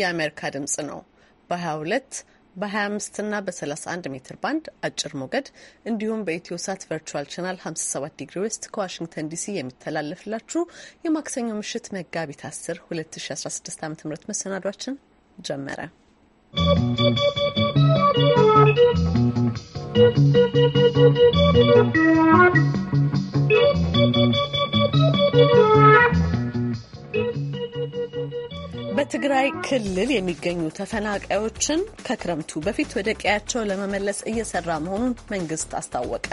የአሜሪካ ድምጽ ነው። በ22 በ25 እና በ31 ሜትር ባንድ አጭር ሞገድ እንዲሁም በኢትዮ ሳት ቨርቹዋል ቻናል 57 ዲግሪ ዌስት ከዋሽንግተን ዲሲ የሚተላለፍላችሁ የማክሰኞ ምሽት መጋቢት 10 2016 ዓ ም መሰናዷችን ጀመረ። ¶¶ በትግራይ ክልል የሚገኙ ተፈናቃዮችን ከክረምቱ በፊት ወደ ቀያቸው ለመመለስ እየሰራ መሆኑን መንግስት አስታወቀ።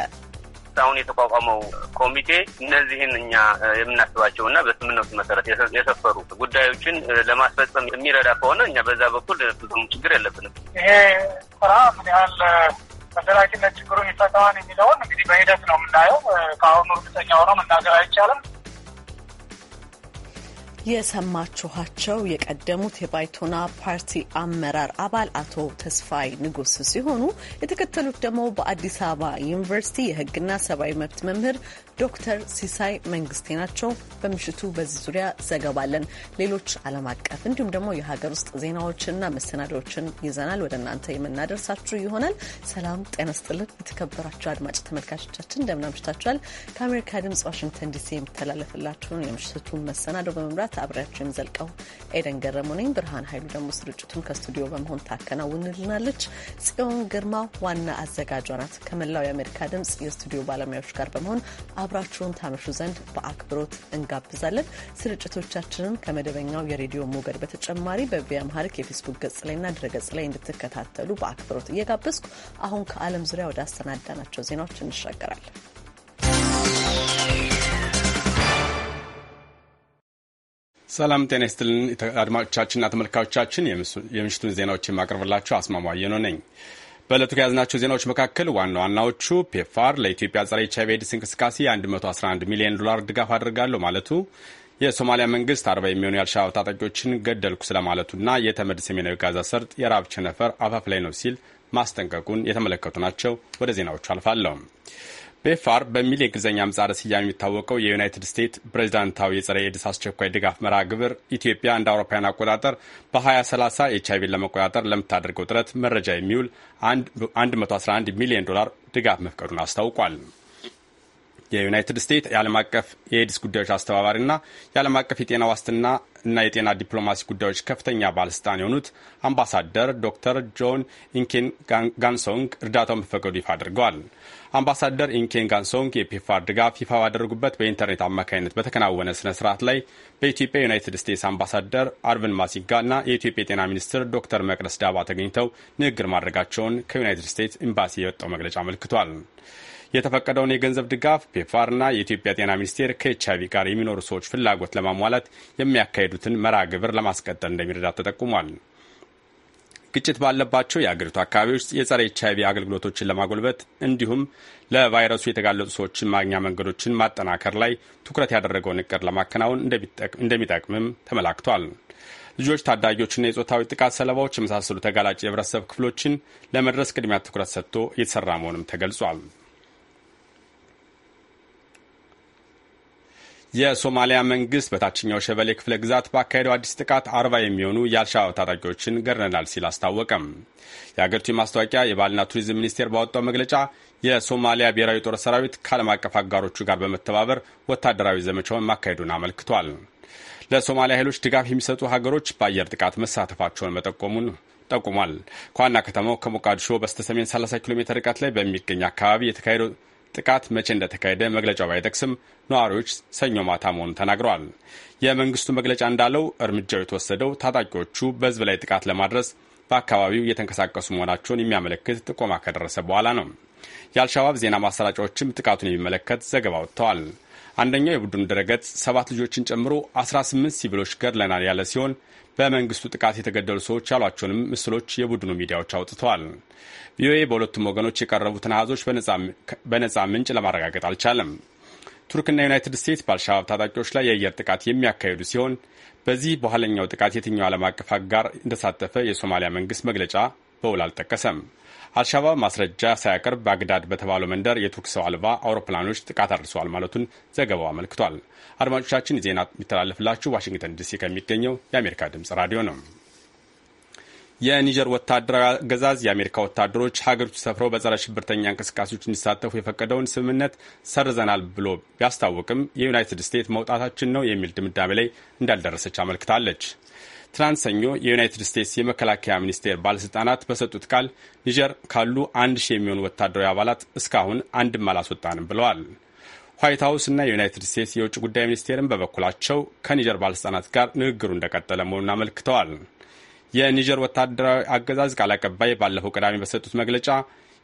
አሁን የተቋቋመው ኮሚቴ እነዚህን እኛ የምናስባቸው እና በስምምነቱ መሰረት የሰፈሩ ጉዳዮችን ለማስፈጸም የሚረዳ ከሆነ እኛ በዛ በኩል ብዙም ችግር የለብንም። ይሄ ስራ ምን ያህል መደራጅነት ችግሩን ይፈታዋል የሚለውን እንግዲህ በሂደት ነው የምናየው። ከአሁኑ እርግጠኛ ሆኖ መናገር አይቻልም። የሰማችኋቸው የቀደሙት የባይቶና ፓርቲ አመራር አባል አቶ ተስፋይ ንጉስ ሲሆኑ የተከተሉት ደግሞ በአዲስ አበባ ዩኒቨርሲቲ የሕግና ሰብአዊ መብት መምህር ዶክተር ሲሳይ መንግስቴ ናቸው። በምሽቱ በዚህ ዙሪያ ዘገባለን። ሌሎች ዓለም አቀፍ እንዲሁም ደግሞ የሀገር ውስጥ ዜናዎችንና መሰናዶዎችን ይዘናል ወደ እናንተ የምናደርሳችሁ ይሆናል። ሰላም ጤና ስጥልን። የተከበራችሁ አድማጭ ተመልካቾቻችን እንደምን አምሽታችኋል? ከአሜሪካ ድምጽ ዋሽንግተን ዲሲ የሚተላለፍላችሁን የምሽቱን መሰናዶ በመምራት አብሬያቸው የሚዘልቀው ኤደን ገረሙ ነኝ። ብርሃን ኃይሉ ደግሞ ስርጭቱን ከስቱዲዮ በመሆን ታከናውንልናለች። ጽዮን ግርማ ዋና አዘጋጇ ናት። ከመላው የአሜሪካ ድምጽ የስቱዲዮ ባለሙያዎች ጋር በመሆን አብራችሁን ታመሹ ዘንድ በአክብሮት እንጋብዛለን። ስርጭቶቻችንን ከመደበኛው የሬዲዮ ሞገድ በተጨማሪ በቪያምሃሪክ የፌስቡክ ገጽ ላይና ድረ ገጽ ላይ እንድትከታተሉ በአክብሮት እየጋበዝኩ አሁን ከዓለም ዙሪያ ወደ አሰናዳናቸው ዜናዎች እንሻገራለን። ሰላም ጤና ይስጥልን አድማጮቻችንና ተመልካቾቻችን፣ የምሽቱን ዜናዎች የማቀርብላችሁ አስማማየኖ ነኝ። በዕለቱ ከያዝናቸው ዜናዎች መካከል ዋና ዋናዎቹ ፔፋር ለኢትዮጵያ ጸረ ኤች አይቪ ኤድስ እንቅስቃሴ የ111 ሚሊዮን ዶላር ድጋፍ አድርጋለሁ ማለቱ፣ የሶማሊያ መንግስት አርባ የሚሆኑ የአልሻባብ ታጣቂዎችን ገደልኩ ስለማለቱና የተመድ ሰሜናዊ ጋዛ ሰርጥ የራብ ቸነፈር አፋፍ ላይ ነው ሲል ማስጠንቀቁን የተመለከቱ ናቸው። ወደ ዜናዎቹ አልፋለሁ። ቤፋር በሚል የእንግሊዝኛ ምጻረ ስያሜ የሚታወቀው የዩናይትድ ስቴትስ ፕሬዚዳንታዊ የጸረ ኤድስ አስቸኳይ ድጋፍ መርሃ ግብር ኢትዮጵያ እንደ አውሮፓውያን አቆጣጠር በ2030 ኤች አይቪን ለመቆጣጠር ለምታደርገው ጥረት መረጃ የሚውል 111 ሚሊዮን ዶላር ድጋፍ መፍቀዱን አስታውቋል። የዩናይትድ ስቴትስ የዓለም አቀፍ የኤድስ ጉዳዮች አስተባባሪና የዓለም አቀፍ የጤና ዋስትና እና የጤና ዲፕሎማሲ ጉዳዮች ከፍተኛ ባለስልጣን የሆኑት አምባሳደር ዶክተር ጆን ኢንኬን ጋንሶንግ እርዳታውን መፈቀዱ ይፋ አድርገዋል። አምባሳደር ኢንኬንጋን ሶንግ የፔፋር ድጋፍ ይፋ ባደረጉበት በኢንተርኔት አማካኝነት በተከናወነ ስነ ስርዓት ላይ በኢትዮጵያ ዩናይትድ ስቴትስ አምባሳደር አርቪን ማሲጋ እና የኢትዮጵያ የጤና ሚኒስትር ዶክተር መቅደስ ዳባ ተገኝተው ንግግር ማድረጋቸውን ከዩናይትድ ስቴትስ ኤምባሲ የወጣው መግለጫ አመልክቷል። የተፈቀደውን የገንዘብ ድጋፍ ፔፋርና የኢትዮጵያ ጤና ሚኒስቴር ከኤች አይቪ ጋር የሚኖሩ ሰዎች ፍላጎት ለማሟላት የሚያካሂዱትን መርሃ ግብር ለማስቀጠል እንደሚረዳ ተጠቁሟል። ግጭት ባለባቸው የአገሪቱ አካባቢዎች የጸረ ኤችአይቪ አገልግሎቶችን ለማጎልበት እንዲሁም ለቫይረሱ የተጋለጡ ሰዎችን ማግኛ መንገዶችን ማጠናከር ላይ ትኩረት ያደረገውን እቅድ ለማከናወን እንደሚጠቅምም ተመላክቷል። ልጆች፣ ታዳጊዎችና የጾታዊ ጥቃት ሰለባዎች የመሳሰሉ ተጋላጭ የህብረተሰብ ክፍሎችን ለመድረስ ቅድሚያ ትኩረት ሰጥቶ እየተሰራ መሆኑም ተገልጿል። የሶማሊያ መንግስት በታችኛው ሸበሌ ክፍለ ግዛት ባካሄደው አዲስ ጥቃት አርባ የሚሆኑ የአልሻባብ ታጣቂዎችን ገድለናል ሲል አስታወቀም። የአገሪቱ የማስታወቂያ የባህልና ቱሪዝም ሚኒስቴር ባወጣው መግለጫ የሶማሊያ ብሔራዊ ጦር ሰራዊት ከዓለም አቀፍ አጋሮቹ ጋር በመተባበር ወታደራዊ ዘመቻውን ማካሄዱን አመልክቷል። ለሶማሊያ ኃይሎች ድጋፍ የሚሰጡ ሀገሮች በአየር ጥቃት መሳተፋቸውን መጠቆሙን ጠቁሟል። ከዋና ከተማው ከሞቃዲሾ በስተሰሜን 30 ኪሎ ሜትር ርቀት ላይ በሚገኝ አካባቢ የተካሄደው ጥቃት መቼ እንደተካሄደ መግለጫው ባይጠቅስም ነዋሪዎች ሰኞ ማታ መሆኑን ተናግረዋል። የመንግስቱ መግለጫ እንዳለው እርምጃው የተወሰደው ታጣቂዎቹ በህዝብ ላይ ጥቃት ለማድረስ በአካባቢው እየተንቀሳቀሱ መሆናቸውን የሚያመለክት ጥቆማ ከደረሰ በኋላ ነው። የአልሻባብ ዜና ማሰራጫዎችም ጥቃቱን የሚመለከት ዘገባ ወጥተዋል። አንደኛው የቡድኑ ድረገጽ ሰባት ልጆችን ጨምሮ 18 ሲቪሎች ገድለናል ያለ ሲሆን በመንግስቱ ጥቃት የተገደሉ ሰዎች ያሏቸውንም ምስሎች የቡድኑ ሚዲያዎች አውጥተዋል። ቪኦኤ በሁለቱም ወገኖች የቀረቡትን አሃዞች በነጻ ምንጭ ለማረጋገጥ አልቻለም። ቱርክና ዩናይትድ ስቴትስ በአልሻባብ ታጣቂዎች ላይ የአየር ጥቃት የሚያካሂዱ ሲሆን በዚህ በኋለኛው ጥቃት የትኛው ዓለም አቀፍ አጋር እንደተሳተፈ የሶማሊያ መንግስት መግለጫ በውል አልጠቀሰም። አልሻባብ ማስረጃ ሳያቀርብ ባግዳድ በተባለው መንደር የቱርክ ሰው አልባ አውሮፕላኖች ጥቃት አድርሰዋል ማለቱን ዘገባው አመልክቷል። አድማጮቻችን ዜና የሚተላለፍላችሁ ዋሽንግተን ዲሲ ከሚገኘው የአሜሪካ ድምጽ ራዲዮ ነው። የኒጀር ወታደራዊ አገዛዝ የአሜሪካ ወታደሮች ሀገሪቱ ሰፍረው በጸረ ሽብርተኛ እንቅስቃሴዎች እንዲሳተፉ የፈቀደውን ስምምነት ሰርዘናል ብሎ ቢያስታውቅም የዩናይትድ ስቴትስ መውጣታችን ነው የሚል ድምዳሜ ላይ እንዳልደረሰች አመልክታለች። ትናንት ሰኞ የዩናይትድ ስቴትስ የመከላከያ ሚኒስቴር ባለሥልጣናት በሰጡት ቃል ኒጀር ካሉ አንድ ሺህ የሚሆኑ ወታደራዊ አባላት እስካሁን አንድም አላስወጣንም ብለዋል። ዋይት ሀውስ እና የዩናይትድ ስቴትስ የውጭ ጉዳይ ሚኒስቴርን በበኩላቸው ከኒጀር ባለሥልጣናት ጋር ንግግሩ እንደቀጠለ መሆኑን አመልክተዋል። የኒጀር ወታደራዊ አገዛዝ ቃል አቀባይ ባለፈው ቅዳሜ በሰጡት መግለጫ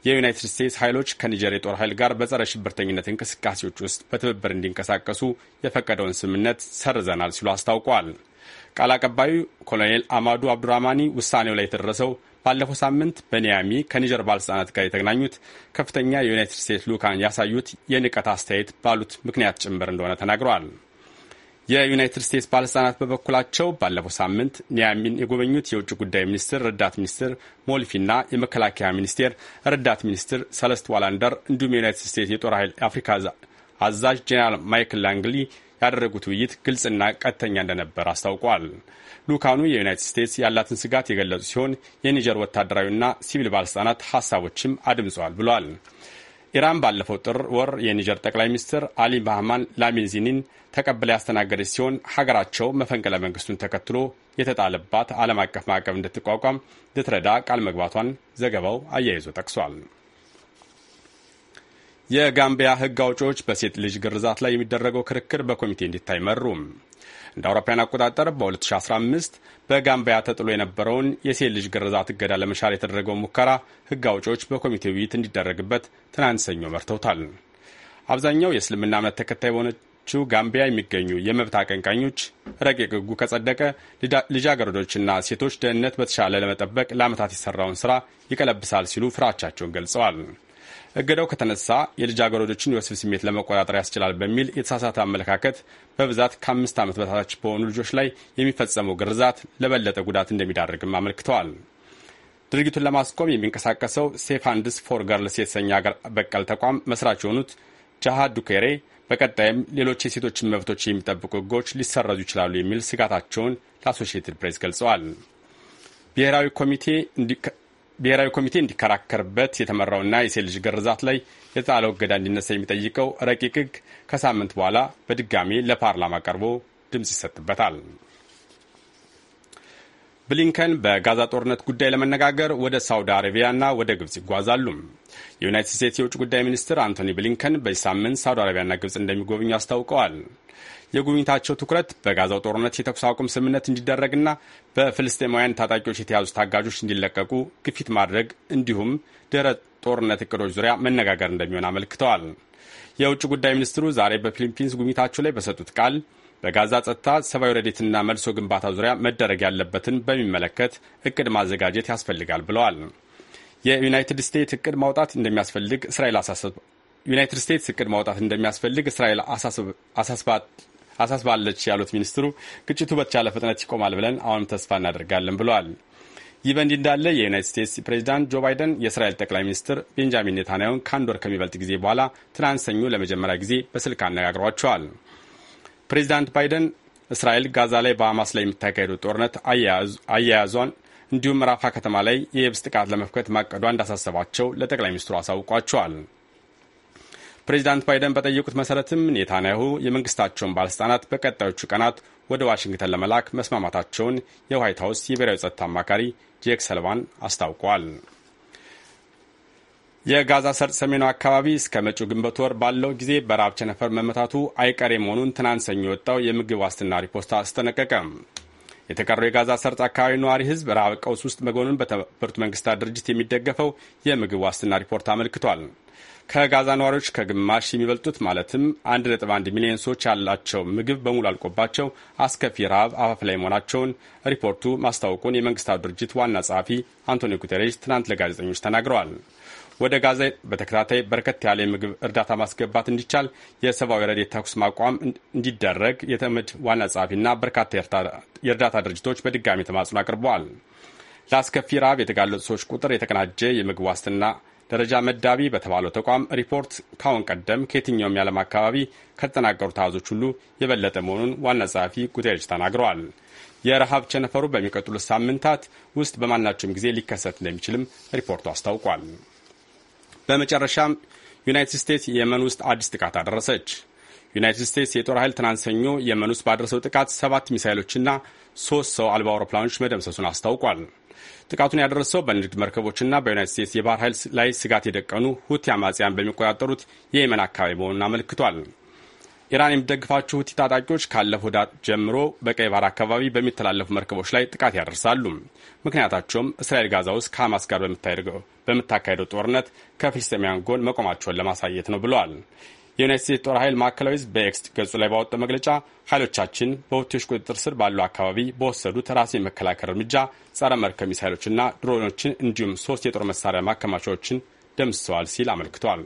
የዩናይትድ ስቴትስ ኃይሎች ከኒጀር የጦር ኃይል ጋር በጸረ ሽብርተኝነት እንቅስቃሴዎች ውስጥ በትብብር እንዲንቀሳቀሱ የፈቀደውን ስምምነት ሰርዘናል ሲሉ አስታውቋል። ቃል አቀባዩ ኮሎኔል አማዱ አብዱራማኒ ውሳኔው ላይ የተደረሰው ባለፈው ሳምንት በኒያሚ ከኒጀር ባለሥልጣናት ጋር የተገናኙት ከፍተኛ የዩናይትድ ስቴትስ ልዑካን ያሳዩት የንቀት አስተያየት ባሉት ምክንያት ጭምር እንደሆነ ተናግረዋል። የዩናይትድ ስቴትስ ባለሥልጣናት በበኩላቸው ባለፈው ሳምንት ኒያሚን የጎበኙት የውጭ ጉዳይ ሚኒስትር ረዳት ሚኒስትር ሞልፊና የመከላከያ ሚኒስቴር ረዳት ሚኒስትር ሰለስት ዋላንደር እንዲሁም የዩናይትድ ስቴትስ የጦር ኃይል አፍሪካ አዛዥ ጄኔራል ማይክል ላንግሊ ያደረጉት ውይይት ግልጽና ቀጥተኛ እንደነበር አስታውቋል። ልኡካኑ የዩናይትድ ስቴትስ ያላትን ስጋት የገለጹ ሲሆን የኒጀር ወታደራዊና ሲቪል ባለስልጣናት ሀሳቦችም አድምጸዋል ብሏል። ኢራን ባለፈው ጥር ወር የኒጀር ጠቅላይ ሚኒስትር አሊ ማህማን ላሚንዚኒን ተቀብላ ያስተናገደች ሲሆን ሀገራቸው መፈንቅለ መንግስቱን ተከትሎ የተጣለባት ዓለም አቀፍ ማዕቀብ እንድትቋቋም ልትረዳ ቃል መግባቷን ዘገባው አያይዞ ጠቅሷል። የጋምቢያ ሕግ አውጪዎች በሴት ልጅ ግርዛት ላይ የሚደረገው ክርክር በኮሚቴ እንዲታይ መሩ። እንደ አውሮፓውያን አቆጣጠር በ2015 በጋምቢያ ተጥሎ የነበረውን የሴት ልጅ ግርዛት እገዳ ለመሻር የተደረገው ሙከራ ሕግ አውጪዎች በኮሚቴ ውይይት እንዲደረግበት ትናንት ሰኞ መርተውታል። አብዛኛው የእስልምና እምነት ተከታይ በሆነችው ጋምቢያ የሚገኙ የመብት አቀንቃኞች ረቂቅ ሕጉ ከጸደቀ ልጃገረዶችና ሴቶች ደህንነት በተሻለ ለመጠበቅ ለዓመታት የሠራውን ስራ ይቀለብሳል ሲሉ ፍራቻቸውን ገልጸዋል። እገዳው ከተነሳ የልጃገረዶችን የወሲብ ስሜት ለመቆጣጠር ያስችላል በሚል የተሳሳተ አመለካከት በብዛት ከአምስት ዓመት በታች በሆኑ ልጆች ላይ የሚፈጸመው ግርዛት ለበለጠ ጉዳት እንደሚዳርግም አመልክተዋል። ድርጊቱን ለማስቆም የሚንቀሳቀሰው ሴፍ ሃንድስ ፎር ገርልስ የተሰኘ አገር በቀል ተቋም መስራች የሆኑት ጃሃ ዱኬሬ በቀጣይም ሌሎች የሴቶችን መብቶች የሚጠብቁ ህጎች ሊሰረዙ ይችላሉ የሚል ስጋታቸውን ለአሶሽትድ ፕሬስ ገልጸዋል። ብሔራዊ ኮሚቴ ብሔራዊ ኮሚቴ እንዲከራከርበት የተመራውና የሴት ልጅ ግርዛት ላይ የተጣለው እገዳ እንዲነሳ የሚጠይቀው ረቂቅ ሕግ ከሳምንት በኋላ በድጋሚ ለፓርላማ ቀርቦ ድምፅ ይሰጥበታል። ብሊንከን በጋዛ ጦርነት ጉዳይ ለመነጋገር ወደ ሳውዲ አረቢያና ወደ ግብፅ ይጓዛሉ። የዩናይትድ ስቴትስ የውጭ ጉዳይ ሚኒስትር አንቶኒ ብሊንከን በዚህ ሳምንት ሳውዲ አረቢያና ግብፅ እንደሚጎበኙ አስታውቀዋል። የጉብኝታቸው ትኩረት በጋዛው ጦርነት የተኩስ አቁም ስምምነት እንዲደረግና በፍልስጤማውያን ታጣቂዎች የተያዙ ታጋጆች እንዲለቀቁ ግፊት ማድረግ እንዲሁም ድህረ ጦርነት እቅዶች ዙሪያ መነጋገር እንደሚሆን አመልክተዋል። የውጭ ጉዳይ ሚኒስትሩ ዛሬ በፊሊፒንስ ጉብኝታቸው ላይ በሰጡት ቃል በጋዛ ጸጥታ፣ ሰብአዊ ረዴትና መልሶ ግንባታ ዙሪያ መደረግ ያለበትን በሚመለከት እቅድ ማዘጋጀት ያስፈልጋል ብለዋል። የዩናይትድ ስቴትስ እቅድ ማውጣት እንደሚያስፈልግ እስራኤል ዩናይትድ ስቴትስ እቅድ ማውጣት እንደሚያስፈልግ እስራኤል አሳስባት አሳስባለች ያሉት ሚኒስትሩ ግጭቱ በተቻለ ፍጥነት ይቆማል ብለን አሁንም ተስፋ እናደርጋለን ብለዋል። ይህ በእንዲህ እንዳለ የዩናይትድ ስቴትስ ፕሬዚዳንት ጆ ባይደን የእስራኤል ጠቅላይ ሚኒስትር ቤንጃሚን ኔታንያሁን ከአንድ ወር ከሚበልጥ ጊዜ በኋላ ትናንት ሰኞ ለመጀመሪያ ጊዜ በስልክ አነጋግሯቸዋል። ፕሬዚዳንት ባይደን እስራኤል ጋዛ ላይ በሐማስ ላይ የምታካሄደው ጦርነት አያያዟን እንዲሁም ራፋ ከተማ ላይ የየብስ ጥቃት ለመፍከት ማቀዷ እንዳሳሰባቸው ለጠቅላይ ሚኒስትሩ አሳውቋቸዋል። ፕሬዚዳንት ባይደን በጠየቁት መሰረትም ኔታንያሁ የመንግስታቸውን ባለሥልጣናት በቀጣዮቹ ቀናት ወደ ዋሽንግተን ለመላክ መስማማታቸውን የዋይት ሀውስ የብሔራዊ ጸጥታ አማካሪ ጄክ ሰልቫን አስታውቋል። የጋዛ ሰርጥ ሰሜኑ አካባቢ እስከ መጪው ግንቦት ወር ባለው ጊዜ በረሃብ ቸነፈር መመታቱ አይቀሬ መሆኑን ትናንት ሰኞ የወጣው የምግብ ዋስትና ሪፖርት አስጠነቀቀ። የተቀረው የጋዛ ሰርጥ አካባቢ ነዋሪ ህዝብ ረሃብ ቀውስ ውስጥ መጎኑን በተባበሩት መንግስታት ድርጅት የሚደገፈው የምግብ ዋስትና ሪፖርት አመልክቷል። ከጋዛ ነዋሪዎች ከግማሽ የሚበልጡት ማለትም 1.1 ሚሊዮን ሰዎች ያላቸው ምግብ በሙሉ አልቆባቸው አስከፊ ረሃብ አፋፍ ላይ መሆናቸውን ሪፖርቱ ማስታወቁን የመንግስታቱ ድርጅት ዋና ጸሐፊ አንቶኒዮ ጉተሬሽ ትናንት ለጋዜጠኞች ተናግረዋል። ወደ ጋዛ በተከታታይ በርከት ያለ የምግብ እርዳታ ማስገባት እንዲቻል የሰብአዊ ረድኤት ተኩስ ማቋም እንዲደረግ የተመድ ዋና ጸሐፊና በርካታ የእርዳታ ድርጅቶች በድጋሚ ተማጽኖ አቅርበዋል። ለአስከፊ ረሃብ የተጋለጡ ሰዎች ቁጥር የተቀናጀ የምግብ ዋስትና ደረጃ መዳቢ በተባለው ተቋም ሪፖርት ካሁን ቀደም ከየትኛውም የዓለም አካባቢ ከተጠናቀሩ አሃዞች ሁሉ የበለጠ መሆኑን ዋና ጸሐፊ ጉቴሬሽ ተናግረዋል። የረሃብ ቸነፈሩ በሚቀጥሉት ሳምንታት ውስጥ በማናቸውም ጊዜ ሊከሰት እንደሚችልም ሪፖርቱ አስታውቋል። በመጨረሻም ዩናይትድ ስቴትስ የመን ውስጥ አዲስ ጥቃት አደረሰች። ዩናይትድ ስቴትስ የጦር ኃይል ትናንት ሰኞ የመን ውስጥ ባደረሰው ጥቃት ሰባት ሚሳይሎችና ሶስት ሰው አልባ አውሮፕላኖች መደምሰሱን አስታውቋል። ጥቃቱን ያደረሰው በንግድ መርከቦችና በዩናይትድ ስቴትስ የባህር ኃይል ላይ ስጋት የደቀኑ ሁቲ አማጽያን በሚቆጣጠሩት የየመን አካባቢ መሆኑን አመልክቷል። ኢራን የሚደግፋቸው ሁቲ ታጣቂዎች ካለፈው ዳት ጀምሮ በቀይ ባህር አካባቢ በሚተላለፉ መርከቦች ላይ ጥቃት ያደርሳሉ። ምክንያታቸውም እስራኤል ጋዛ ውስጥ ከሐማስ ጋር በምታካሄደው ጦርነት ከፍልስጤማውያን ጎን መቆማቸውን ለማሳየት ነው ብለዋል። የዩናይት ስቴትስ ጦር ኃይል ማዕከላዊ በኤክስ ገጹ ላይ ባወጣው መግለጫ ኃይሎቻችን በሁቲዎች ቁጥጥር ስር ባለው አካባቢ በወሰዱት ራስን የመከላከል እርምጃ ጸረ መርከብ ሚሳይሎችና ድሮኖችን እንዲሁም ሶስት የጦር መሳሪያ ማከማቻዎችን ደምስሰዋል ሲል አመልክቷል።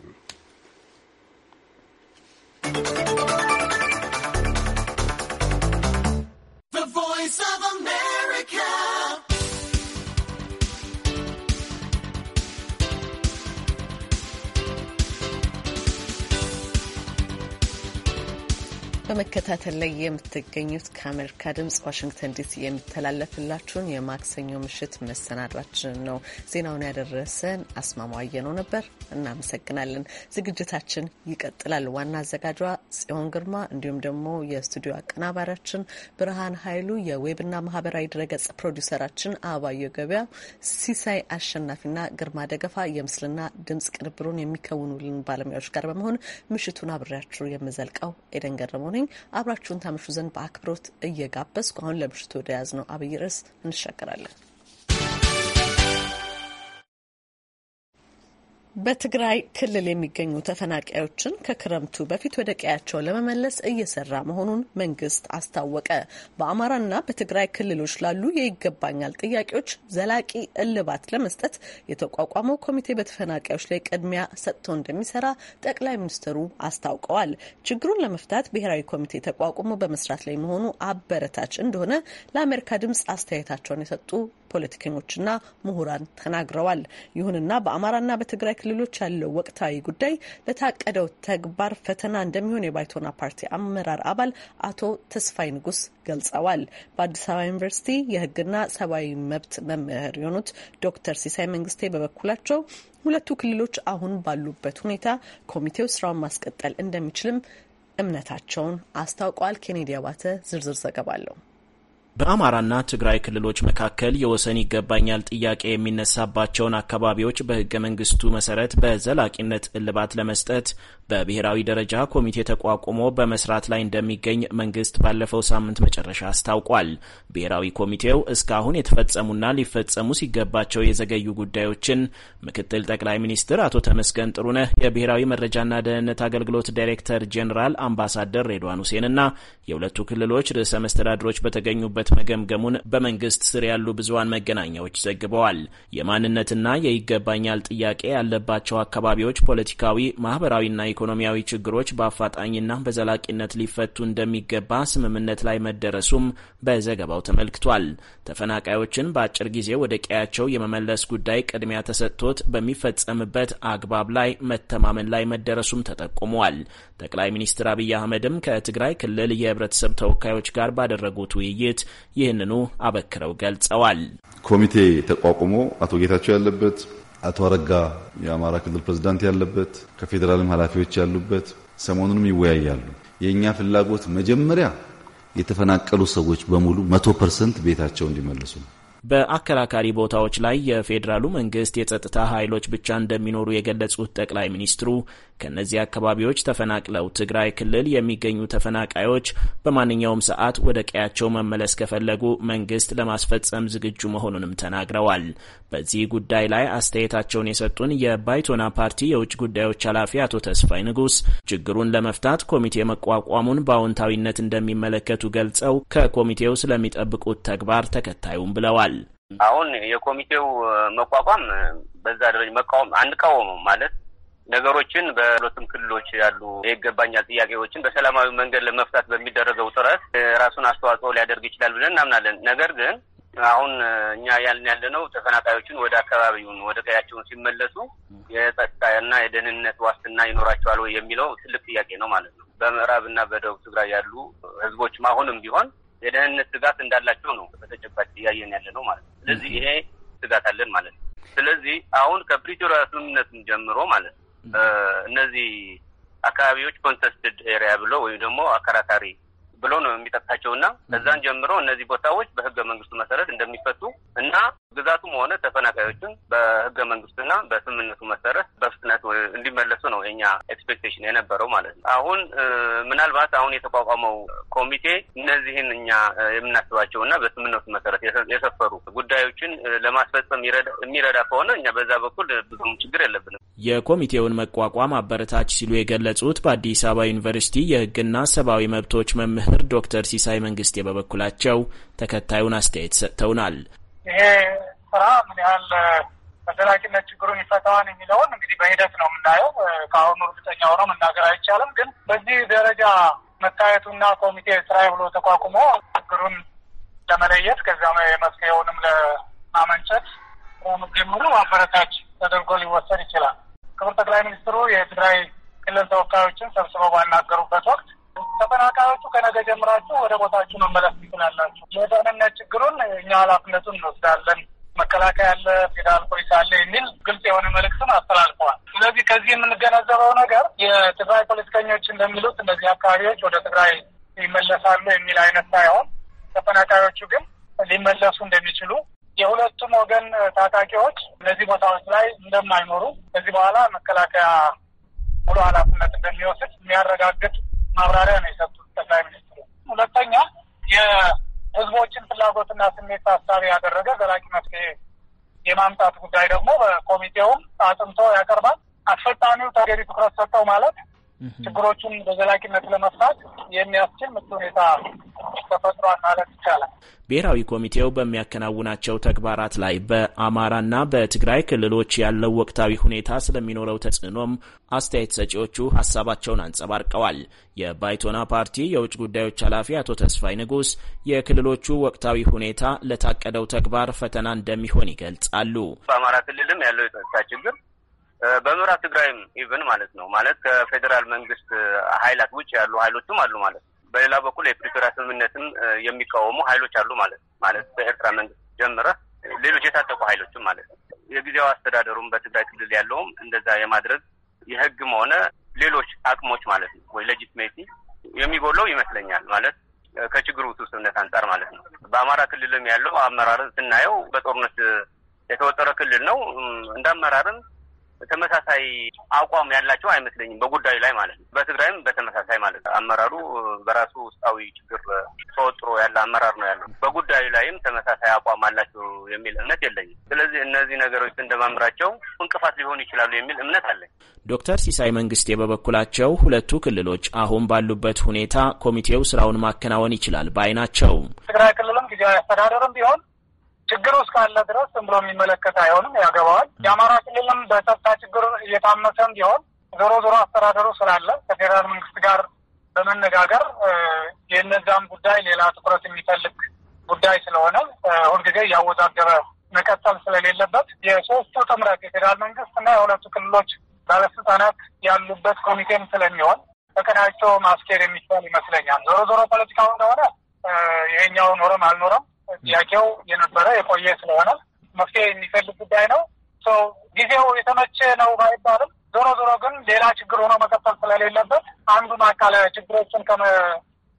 በመከታተል ላይ የምትገኙት ከአሜሪካ ድምጽ ዋሽንግተን ዲሲ የሚተላለፍላችሁን የማክሰኞ ምሽት መሰናዷችንን ነው። ዜናውን ያደረሰን አስማማው አየነው ነበር። እናመሰግናለን። ዝግጅታችን ይቀጥላል። ዋና አዘጋጇ ጽዮን ግርማ እንዲሁም ደግሞ የስቱዲዮ አቀናባሪያችን ብርሃን ኃይሉ፣ የዌብና ማህበራዊ ድረገጽ ፕሮዲውሰራችን አባየ ገበያ፣ ሲሳይ አሸናፊና ግርማ ደገፋ የምስልና ድምጽ ቅንብሩን የሚከውኑልን ባለሙያዎች ጋር በመሆን ምሽቱን አብሬያችሁ የምዘልቀው ኤደን ገረመው ነኝ። አብራችሁን ታመሹ ዘንድ በአክብሮት እየጋበዝኩ አሁን ለምሽቱ ወደ ነው አብይ ርዕስ እንሻገራለን። በትግራይ ክልል የሚገኙ ተፈናቃዮችን ከክረምቱ በፊት ወደ ቀያቸው ለመመለስ እየሰራ መሆኑን መንግስት አስታወቀ። በአማራና በትግራይ ክልሎች ላሉ የይገባኛል ጥያቄዎች ዘላቂ እልባት ለመስጠት የተቋቋመው ኮሚቴ በተፈናቃዮች ላይ ቅድሚያ ሰጥቶ እንደሚሰራ ጠቅላይ ሚኒስትሩ አስታውቀዋል። ችግሩን ለመፍታት ብሔራዊ ኮሚቴ ተቋቁሞ በመስራት ላይ መሆኑ አበረታች እንደሆነ ለአሜሪካ ድምጽ አስተያየታቸውን የሰጡ ፖለቲከኞችና ምሁራን ተናግረዋል። ይሁንና በአማራና በትግራይ ክልሎች ያለው ወቅታዊ ጉዳይ ለታቀደው ተግባር ፈተና እንደሚሆን የባይቶና ፓርቲ አመራር አባል አቶ ተስፋይ ንጉስ ገልጸዋል። በአዲስ አበባ ዩኒቨርሲቲ የህግና ሰብአዊ መብት መምህር የሆኑት ዶክተር ሲሳይ መንግስቴ በበኩላቸው ሁለቱ ክልሎች አሁን ባሉበት ሁኔታ ኮሚቴው ስራውን ማስቀጠል እንደሚችልም እምነታቸውን አስታውቀዋል። ኬኔዲ አባተ ዝርዝር ዘገባ አለው። በአማራና ትግራይ ክልሎች መካከል የወሰን ይገባኛል ጥያቄ የሚነሳባቸውን አካባቢዎች በህገ መንግስቱ መሰረት በዘላቂነት እልባት ለመስጠት በብሔራዊ ደረጃ ኮሚቴ ተቋቁሞ በመስራት ላይ እንደሚገኝ መንግስት ባለፈው ሳምንት መጨረሻ አስታውቋል። ብሔራዊ ኮሚቴው እስካሁን የተፈጸሙና ሊፈጸሙ ሲገባቸው የዘገዩ ጉዳዮችን ምክትል ጠቅላይ ሚኒስትር አቶ ተመስገን ጥሩነህ፣ የብሔራዊ መረጃና ደህንነት አገልግሎት ዳይሬክተር ጄኔራል አምባሳደር ሬድዋን ሁሴንና የሁለቱ ክልሎች ርዕሰ መስተዳድሮች በተገኙበት መገምገሙን በመንግስት ስር ያሉ ብዙሀን መገናኛዎች ዘግበዋል። የማንነትና የይገባኛል ጥያቄ ያለባቸው አካባቢዎች ፖለቲካዊ፣ ማህበራዊና ኢኮኖሚያዊ ችግሮች በአፋጣኝና በዘላቂነት ሊፈቱ እንደሚገባ ስምምነት ላይ መደረሱም በዘገባው ተመልክቷል። ተፈናቃዮችን በአጭር ጊዜ ወደ ቀያቸው የመመለስ ጉዳይ ቅድሚያ ተሰጥቶት በሚፈጸምበት አግባብ ላይ መተማመን ላይ መደረሱም ተጠቁሟል። ጠቅላይ ሚኒስትር አብይ አህመድም ከትግራይ ክልል የህብረተሰብ ተወካዮች ጋር ባደረጉት ውይይት ይህንኑ አበክረው ገልጸዋል። ኮሚቴ ተቋቁሞ አቶ ጌታቸው ያለበት አቶ አረጋ የአማራ ክልል ፕሬዝዳንት ያለበት ከፌዴራልም ኃላፊዎች ያሉበት ሰሞኑንም ይወያያሉ። የእኛ ፍላጎት መጀመሪያ የተፈናቀሉ ሰዎች በሙሉ መቶ ፐርሰንት ቤታቸው እንዲመልሱ ነው። በአከራካሪ ቦታዎች ላይ የፌዴራሉ መንግስት የጸጥታ ኃይሎች ብቻ እንደሚኖሩ የገለጹት ጠቅላይ ሚኒስትሩ ከእነዚህ አካባቢዎች ተፈናቅለው ትግራይ ክልል የሚገኙ ተፈናቃዮች በማንኛውም ሰዓት ወደ ቀያቸው መመለስ ከፈለጉ መንግስት ለማስፈጸም ዝግጁ መሆኑንም ተናግረዋል። በዚህ ጉዳይ ላይ አስተያየታቸውን የሰጡን የባይቶና ፓርቲ የውጭ ጉዳዮች ኃላፊ አቶ ተስፋይ ንጉስ ችግሩን ለመፍታት ኮሚቴ መቋቋሙን በአዎንታዊነት እንደሚመለከቱ ገልጸው ከኮሚቴው ስለሚጠብቁት ተግባር ተከታዩም ብለዋል። አሁን የኮሚቴው መቋቋም በዛ ደረጃ መቃወም አንቃወመው ማለት ነገሮችን በሁለቱም ክልሎች ያሉ የይገባኛል ጥያቄዎችን በሰላማዊ መንገድ ለመፍታት በሚደረገው ጥረት ራሱን አስተዋጽኦ ሊያደርግ ይችላል ብለን እናምናለን። ነገር ግን አሁን እኛ ያልን ያለነው ተፈናቃዮችን ወደ አካባቢውን ወደ ቀያቸውን ሲመለሱ የጸጥታና የደህንነት ዋስትና ይኖራቸዋል ወይ የሚለው ትልቅ ጥያቄ ነው ማለት ነው። በምዕራብና በደቡብ ትግራይ ያሉ ህዝቦችም አሁንም ቢሆን የደህንነት ስጋት እንዳላቸው ነው በተጨባጭ እያየን ያለ ነው ማለት ነው። ስለዚህ ይሄ ስጋት አለን ማለት ነው። ስለዚህ አሁን ከፕሪቶሪያ ስምምነትም ጀምሮ ማለት ነው እነዚህ አካባቢዎች ኮንተስትድ ኤሪያ ብሎ ወይም ደግሞ አከራካሪ ብሎ ነው የሚጠቅሳቸው እና ከዛን ጀምሮ እነዚህ ቦታዎች በህገ መንግስቱ መሰረት እንደሚፈቱ እና ግዛቱም ሆነ ተፈናቃዮችን በህገ መንግስቱና በስምምነቱ መሰረት በፍጥነት እንዲመለሱ ነው የኛ ኤክስፔክቴሽን የነበረው ማለት ነው። አሁን ምናልባት አሁን የተቋቋመው ኮሚቴ እነዚህን እኛ የምናስባቸው እና በስምምነቱ መሰረት የሰፈሩ ጉዳዮችን ለማስፈጸም የሚረዳ ከሆነ እኛ በዛ በኩል ብዙም ችግር የለብንም። የኮሚቴውን መቋቋም አበረታች ሲሉ የገለጹት በአዲስ አበባ ዩኒቨርሲቲ የህግና ሰብአዊ መብቶች መምህር መምህር ዶክተር ሲሳይ መንግስቴ በበኩላቸው ተከታዩን አስተያየት ሰጥተውናል። ይሄ ስራ ምን ያህል በዘላቂነት ችግሩን ይፈታዋል የሚለውን እንግዲህ በሂደት ነው የምናየው። ከአሁኑ እርግጠኛ ሆኖ መናገር አይቻልም። ግን በዚህ ደረጃ መታየቱና ኮሚቴ ስራ ብሎ ተቋቁሞ ችግሩን ለመለየት ከዚያም የመፍትሄውንም ለማመንጨት ጀምሮ አበረታች ተደርጎ ሊወሰድ ይችላል። ክቡር ጠቅላይ ሚኒስትሩ የትግራይ ክልል ተወካዮችን ሰብስበው ባናገሩበት ወቅት ተፈናቃዮቹ ከነገ ጀምራችሁ ወደ ቦታችሁ መመለስ ትችላላችሁ። የደህንነት ችግሩን እኛ ኃላፊነቱን እንወስዳለን መከላከያ አለ፣ ፌዴራል ፖሊስ አለ የሚል ግልጽ የሆነ መልእክትም አስተላልፈዋል። ስለዚህ ከዚህ የምንገነዘበው ነገር የትግራይ ፖለቲከኞች እንደሚሉት እነዚህ አካባቢዎች ወደ ትግራይ ይመለሳሉ የሚል አይነት ሳይሆን ተፈናቃዮቹ ግን ሊመለሱ እንደሚችሉ የሁለቱም ወገን ታጣቂዎች እነዚህ ቦታዎች ላይ እንደማይኖሩ ከዚህ በኋላ መከላከያ ሙሉ ኃላፊነት እንደሚወስድ የሚያረጋግጥ ታሳቢ ያደረገ ዘላቂ መፍትሄ የማምጣት ጉዳይ ደግሞ በኮሚቴውም አጥንቶ ያቀርባል። አስፈጻሚው ተገቢ ትኩረት ሰጠው ማለት ችግሮቹን በዘላቂነት ለመፍታት የሚያስችል ምቹ ሁኔታ ተፈጥሯል ማለት ብሔራዊ ኮሚቴው በሚያከናውናቸው ተግባራት ላይ በአማራና በትግራይ ክልሎች ያለው ወቅታዊ ሁኔታ ስለሚኖረው ተጽዕኖም አስተያየት ሰጪዎቹ ሀሳባቸውን አንጸባርቀዋል። የባይቶና ፓርቲ የውጭ ጉዳዮች ኃላፊ አቶ ተስፋይ ንጉስ የክልሎቹ ወቅታዊ ሁኔታ ለታቀደው ተግባር ፈተና እንደሚሆን ይገልጻሉ። በአማራ ክልልም ያለው የጸጥታ ችግር በምዕራብ ትግራይም ኢቨን ማለት ነው ማለት ከፌዴራል መንግስት ኃይላት ውጭ ያሉ ኃይሎችም አሉ ማለት ነው በሌላ በኩል የፕሪቶሪያ ስምምነትም የሚቃወሙ ሀይሎች አሉ ማለት ነው። ማለት በኤርትራ መንግስት ጀምረ ሌሎች የታጠቁ ሀይሎችም ማለት ነው። የጊዜው አስተዳደሩም በትግራይ ክልል ያለውም እንደዛ የማድረግ የህግም ሆነ ሌሎች አቅሞች ማለት ነው ወይ ሌጂትሜሲ የሚጎለው ይመስለኛል ማለት ከችግሩ ውስብስብነት አንጻር ማለት ነው። በአማራ ክልልም ያለው አመራር ስናየው በጦርነት የተወጠረ ክልል ነው። እንደ አመራርን ተመሳሳይ አቋም ያላቸው አይመስለኝም በጉዳዩ ላይ ማለት ነው። በትግራይም በተመሳሳይ ማለት ነው። አመራሩ በራሱ ውስጣዊ ችግር ተወጥሮ ያለ አመራር ነው ያለው። በጉዳዩ ላይም ተመሳሳይ አቋም አላቸው የሚል እምነት የለኝም። ስለዚህ እነዚህ ነገሮች እንደማምራቸው እንቅፋት ሊሆኑ ይችላሉ የሚል እምነት አለኝ። ዶክተር ሲሳይ መንግስቴ በበኩላቸው ሁለቱ ክልሎች አሁን ባሉበት ሁኔታ ኮሚቴው ስራውን ማከናወን ይችላል ባይ ናቸው። ትግራይ ክልልም ጊዜያዊ አስተዳደርም ቢሆን ችግር ውስጥ ካለ ድረስ ዝም ብሎ የሚመለከት አይሆንም፣ ያገባዋል። የአማራ ክልልም በጸጥታ ችግር እየታመሰም ቢሆን ዞሮ ዞሮ አስተዳደሩ ስላለ ከፌዴራል መንግስት ጋር በመነጋገር የእነዛም ጉዳይ ሌላ ትኩረት የሚፈልግ ጉዳይ ስለሆነ ሁልጊዜ እያወዛገበ መቀጠል ስለሌለበት የሶስቱ ጥምረት የፌዴራል መንግስት እና የሁለቱ ክልሎች ባለስልጣናት ያሉበት ኮሚቴም ስለሚሆን ተቀናጅቶ ማስኬድ የሚቻል ይመስለኛል። ዞሮ ዞሮ ፖለቲካው እንደሆነ ይሄኛው ኖረም አልኖረም ጥያቄው የነበረ የቆየ ስለሆነ መፍትሄ የሚፈልግ ጉዳይ ነው። ጊዜው የተመቸ ነው ባይባልም ዞሮ ዞሮ ግን ሌላ ችግር ሆኖ መቀጠል ስለሌለበት አንዱን አካል ችግሮችን ከመ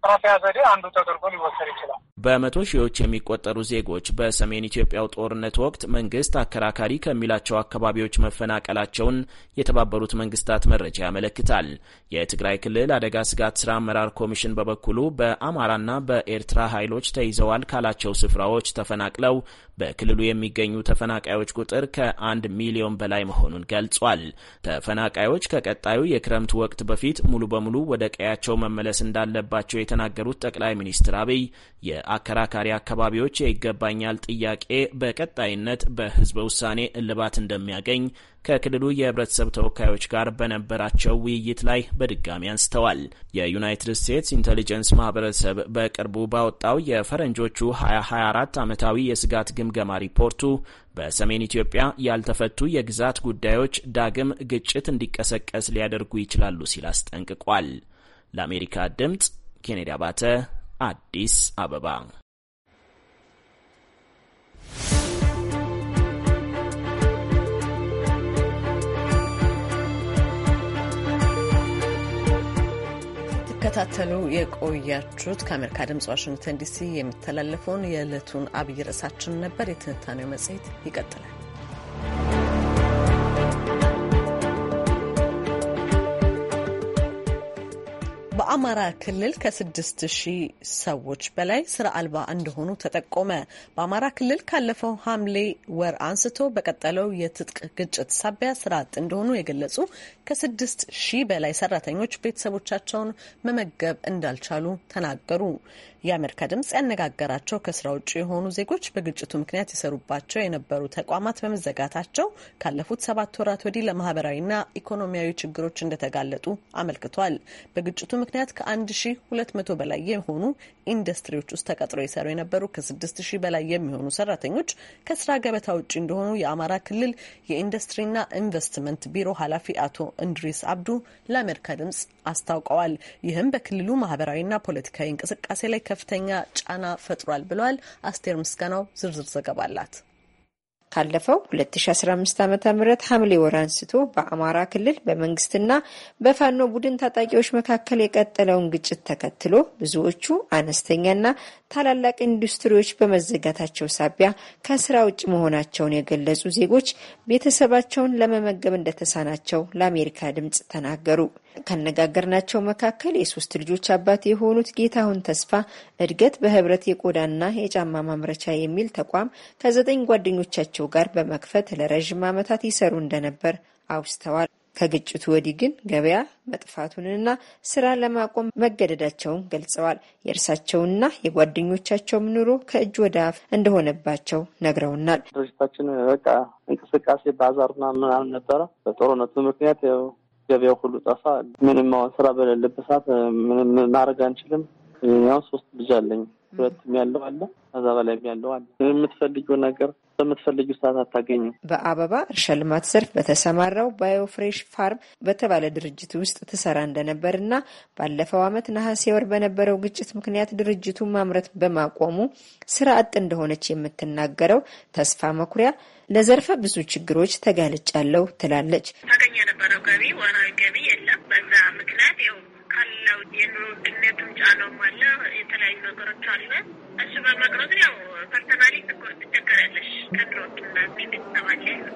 ማጥራፊያ ዘዴ አንዱ ተደርጎ ሊወሰድ ይችላል። በመቶ ሺዎች የሚቆጠሩ ዜጎች በሰሜን ኢትዮጵያው ጦርነት ወቅት መንግስት አከራካሪ ከሚላቸው አካባቢዎች መፈናቀላቸውን የተባበሩት መንግስታት መረጃ ያመለክታል። የትግራይ ክልል አደጋ ስጋት ስራ አመራር ኮሚሽን በበኩሉ በአማራና በኤርትራ ኃይሎች ተይዘዋል ካላቸው ስፍራዎች ተፈናቅለው በክልሉ የሚገኙ ተፈናቃዮች ቁጥር ከአንድ ሚሊዮን በላይ መሆኑን ገልጿል። ተፈናቃዮች ከቀጣዩ የክረምት ወቅት በፊት ሙሉ በሙሉ ወደ ቀያቸው መመለስ እንዳለባቸው የተናገሩት ጠቅላይ ሚኒስትር አብይ የአከራካሪ አካባቢዎች የይገባኛል ጥያቄ በቀጣይነት በህዝበ ውሳኔ እልባት እንደሚያገኝ ከክልሉ የህብረተሰብ ተወካዮች ጋር በነበራቸው ውይይት ላይ በድጋሚ አንስተዋል። የዩናይትድ ስቴትስ ኢንቴሊጀንስ ማህበረሰብ በቅርቡ ባወጣው የፈረንጆቹ 2024 ዓመታዊ የስጋት ግምገማ ሪፖርቱ በሰሜን ኢትዮጵያ ያልተፈቱ የግዛት ጉዳዮች ዳግም ግጭት እንዲቀሰቀስ ሊያደርጉ ይችላሉ ሲል አስጠንቅቋል። ለአሜሪካ ድምፅ ኬኔዲ አባተ አዲስ አበባ ስትከታተሉ የቆያችሁት ከአሜሪካ ድምጽ ዋሽንግተን ዲሲ የሚተላለፈውን የዕለቱን አብይ ርዕሳችን ነበር። የትንታኔው መጽሔት ይቀጥላል። በአማራ ክልል ከስድስት ሺህ ሰዎች በላይ ስራ አልባ እንደሆኑ ተጠቆመ። በአማራ ክልል ካለፈው ሐምሌ ወር አንስቶ በቀጠለው የትጥቅ ግጭት ሳቢያ ስራ አጥ እንደሆኑ የገለጹ ከስድስት ሺህ በላይ ሰራተኞች ቤተሰቦቻቸውን መመገብ እንዳልቻሉ ተናገሩ። የአሜሪካ ድምጽ ያነጋገራቸው ከስራ ውጭ የሆኑ ዜጎች በግጭቱ ምክንያት የሰሩባቸው የነበሩ ተቋማት በመዘጋታቸው ካለፉት ሰባት ወራት ወዲህ ለማህበራዊና ኢኮኖሚያዊ ችግሮች እንደተጋለጡ አመልክቷል። በግጭቱ ምክንያት ከ1200 በላይ የሆኑ ኢንዱስትሪዎች ውስጥ ተቀጥሮ የሰሩ የነበሩ ከ6000 በላይ የሚሆኑ ሰራተኞች ከስራ ገበታ ውጭ እንደሆኑ የአማራ ክልል የኢንዱስትሪና ኢንቨስትመንት ቢሮ ኃላፊ አቶ እንድሪስ አብዱ ለአሜሪካ ድምጽ አስታውቀዋል። ይህም በክልሉ ማህበራዊና ፖለቲካዊ እንቅስቃሴ ላይ ከፍተኛ ጫና ፈጥሯል ብሏል። አስቴር ምስጋናው ዝርዝር ዘገባ አላት። ካለፈው 2015 ዓ ም ሐምሌ ወር አንስቶ በአማራ ክልል በመንግስትና በፋኖ ቡድን ታጣቂዎች መካከል የቀጠለውን ግጭት ተከትሎ ብዙዎቹ አነስተኛና ታላላቅ ኢንዱስትሪዎች በመዘጋታቸው ሳቢያ ከስራ ውጭ መሆናቸውን የገለጹ ዜጎች ቤተሰባቸውን ለመመገብ እንደተሳናቸው ለአሜሪካ ድምፅ ተናገሩ። ካነጋገርናቸው መካከል የሶስት ልጆች አባት የሆኑት ጌታሁን ተስፋ እድገት በህብረት የቆዳና የጫማ ማምረቻ የሚል ተቋም ከዘጠኝ ጓደኞቻቸው ጋር በመክፈት ለረዥም ዓመታት ይሰሩ እንደነበር አውስተዋል። ከግጭቱ ወዲህ ግን ገበያ መጥፋቱንና ስራ ለማቆም መገደዳቸውን ገልጸዋል። የእርሳቸውና የጓደኞቻቸውም ኑሮ ከእጅ ወደ አፍ እንደሆነባቸው ነግረውናል። ድርጅታችን በቃ እንቅስቃሴ ባዛርና ምናምን ነበረ። በጦርነቱ ምክንያት ገበያው ሁሉ ጠፋ። ምንም አሁን ስራ በሌለበት ሰዓት ምንም ማድረግ አንችልም። ያው ሶስት ልጅ አለኝ ሁለትም ያለው አለ፣ ከዛ በላይም ያለው አለ። የምትፈልጊው ነገር በምትፈልጊ ሰዓት አታገኝም። በአበባ እርሻ ልማት ዘርፍ በተሰማራው ባዮፍሬሽ ፋርም በተባለ ድርጅት ውስጥ ትሰራ እንደነበር እንደነበርና ባለፈው ዓመት ነሐሴ ወር በነበረው ግጭት ምክንያት ድርጅቱ ማምረት በማቆሙ ስራ አጥ እንደሆነች የምትናገረው ተስፋ መኩሪያ ለዘርፈ ብዙ ችግሮች ተጋልጫለሁ ትላለች። ታገኝ የነበረው ገቢ ወራዊ ገቢ የለም። በዛ ምክንያት አካል ነው የኑሮ ውድነትም ጫናውም አለ። የተለያዩ ነገሮች አለ። እሱ በመቅረት ያው ፐርሰናሊ ትቸገሪያለሽ። ከድሮች ና ቤተሰብ አለ ያለ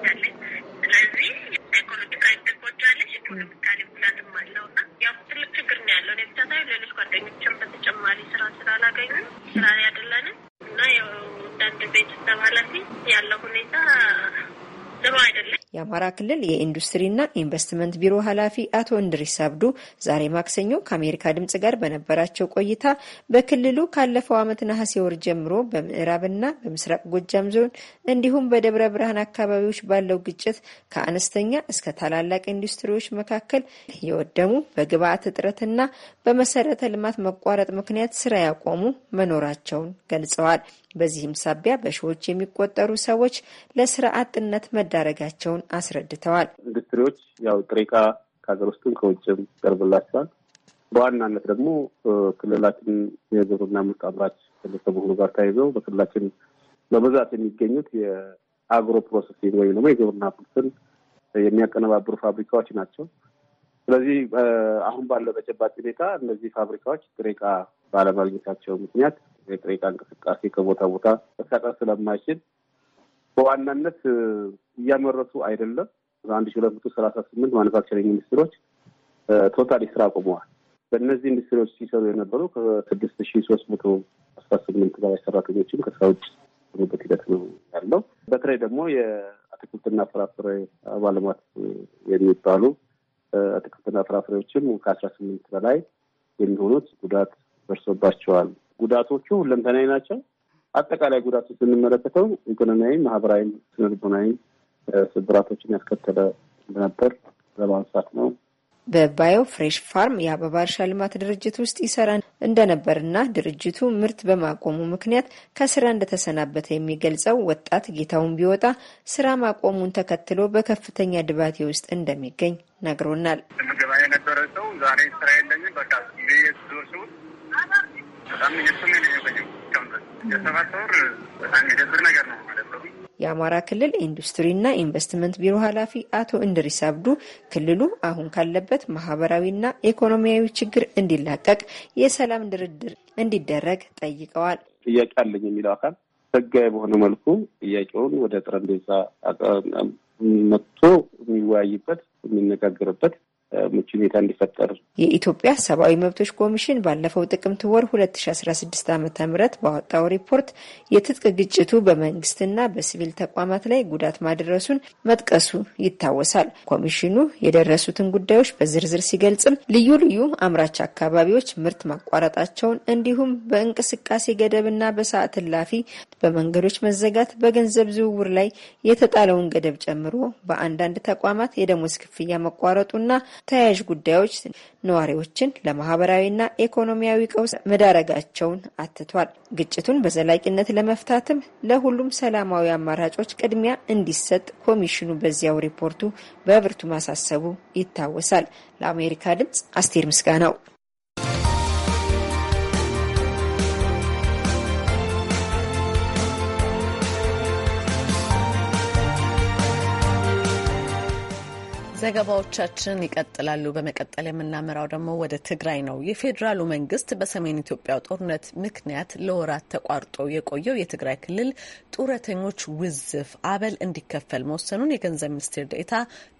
ስለዚህ ሳይኮሎጂካል ትጎጃለሽ። ኢኮኖሚካሊ ጉዳትም አለው እና ያው ትልቅ ችግር ነው ያለው። እኔ ብቻ ሳይሆን ሌሎች ጓደኞችም በተጨማሪ ስራ ስላላገኙም ስራ ያደለንም እና ያው እንዳንድ ቤተሰብ ኃላፊ ያለው ሁኔታ ጥሩ አይደለም። የአማራ ክልል የኢንዱስትሪና ኢንቨስትመንት ቢሮ ኃላፊ አቶ እንድሪስ አብዱ ዛሬ ማክሰኞ ከአሜሪካ ድምጽ ጋር በነበራቸው ቆይታ በክልሉ ካለፈው ዓመት ነሐሴ ወር ጀምሮ በምዕራብና በምስራቅ ጎጃም ዞን እንዲሁም በደብረ ብርሃን አካባቢዎች ባለው ግጭት ከአነስተኛ እስከ ታላላቅ ኢንዱስትሪዎች መካከል የወደሙ በግብአት እጥረትና በመሰረተ ልማት መቋረጥ ምክንያት ስራ ያቆሙ መኖራቸውን ገልጸዋል። በዚህም ሳቢያ በሺዎች የሚቆጠሩ ሰዎች ለስራ አጥነት መዳረጋቸውን አስረድተዋል። ኢንዱስትሪዎች ያው ጥሬ ዕቃ ከሀገር ውስጥም ከውጭም ይቀርብላቸዋል። በዋናነት ደግሞ ክልላችን የግብርና ምርት አምራች ክልል ከመሆኑ ጋር ተያይዘው በክልላችን በብዛት የሚገኙት የአግሮ ፕሮሰሲንግ ወይም ደግሞ የግብርና ምርትን የሚያቀነባብሩ ፋብሪካዎች ናቸው። ስለዚህ አሁን ባለው ተጨባጭ ሁኔታ እነዚህ ፋብሪካዎች ጥሬ ዕቃ ባለማግኘታቸው ምክንያት የጥሬ ዕቃ እንቅስቃሴ ከቦታ ቦታ መሳቀር ስለማይችል በዋናነት እያመረቱ አይደለም። አንድ ሺ ሁለት መቶ ሰላሳ ስምንት ማኑፋክቸሪንግ ኢንዱስትሪዎች ቶታል ስራ አቁመዋል። በእነዚህ ኢንዱስትሪዎች ሲሰሩ የነበሩ ከስድስት ሺ ሶስት መቶ አስራ ስምንት በላይ ሰራተኞችም ከስራ ውጭ ሆኑበት ሂደት ነው ያለው። በተለይ ደግሞ የአትክልትና ፍራፍሬ ባለማት የሚባሉ አትክልትና ፍራፍሬዎችም ከአስራ ስምንት በላይ የሚሆኑት ጉዳት ደርሶባቸዋል። ጉዳቶቹ ሁለንተናዊ ናቸው። አጠቃላይ ጉዳቱ ስንመለከተው ኢኮኖሚያዊም፣ ማህበራዊም፣ ስነልቦናዊም ስብራቶችን ያስከተለ ነበር ለማንሳት ነው። በባዮ ፍሬሽ ፋርም የአበባ እርሻ ልማት ድርጅት ውስጥ ይሰራ እንደነበርና ድርጅቱ ምርት በማቆሙ ምክንያት ከስራ እንደተሰናበተ የሚገልጸው ወጣት ጌታውን ቢወጣ ስራ ማቆሙን ተከትሎ በከፍተኛ ድባቴ ውስጥ እንደሚገኝ ነግሮናል። ምግባ የነበረ ሰው ዛሬ ስራ የለኝም በቃ ዙር በጣም የሰባት ወር በጣም የደብር ነገር ነው ማለት ነው። የአማራ ክልል ኢንዱስትሪና ኢንቨስትመንት ቢሮ ኃላፊ አቶ እንድሪስ አብዱ ክልሉ አሁን ካለበት ማህበራዊና ኢኮኖሚያዊ ችግር እንዲላቀቅ የሰላም ድርድር እንዲደረግ ጠይቀዋል። ጥያቄ አለኝ የሚለው አካል ህጋዊ በሆነ መልኩ ጥያቄውን ወደ ጠረጴዛ መጥቶ የሚወያይበት የሚነጋገርበት ምቹ ሁኔታ እንዲፈጠር የኢትዮጵያ ሰብአዊ መብቶች ኮሚሽን ባለፈው ጥቅምት ወር ሁለት ሺ አስራ ስድስት ባወጣው ሪፖርት የትጥቅ ግጭቱ በመንግስትና በሲቪል ተቋማት ላይ ጉዳት ማድረሱን መጥቀሱ ይታወሳል። ኮሚሽኑ የደረሱትን ጉዳዮች በዝርዝር ሲገልጽም ልዩ ልዩ አምራች አካባቢዎች ምርት ማቋረጣቸውን እንዲሁም በእንቅስቃሴ ገደብና በሰዓት እላፊ፣ በመንገዶች መዘጋት፣ በገንዘብ ዝውውር ላይ የተጣለውን ገደብ ጨምሮ በአንዳንድ ተቋማት የደሞዝ ክፍያ መቋረጡና ተያያዥ ጉዳዮች ነዋሪዎችን ለማህበራዊና ኢኮኖሚያዊ ቀውስ መዳረጋቸውን አትቷል። ግጭቱን በዘላቂነት ለመፍታትም ለሁሉም ሰላማዊ አማራጮች ቅድሚያ እንዲሰጥ ኮሚሽኑ በዚያው ሪፖርቱ በብርቱ ማሳሰቡ ይታወሳል። ለአሜሪካ ድምጽ አስቴር ምስጋናው ዘገባዎቻችን ይቀጥላሉ። በመቀጠል የምናመራው ደግሞ ወደ ትግራይ ነው። የፌዴራሉ መንግስት በሰሜን ኢትዮጵያው ጦርነት ምክንያት ለወራት ተቋርጦ የቆየው የትግራይ ክልል ጡረተኞች ውዝፍ አበል እንዲከፈል መወሰኑን የገንዘብ ሚኒስቴር ዴኤታ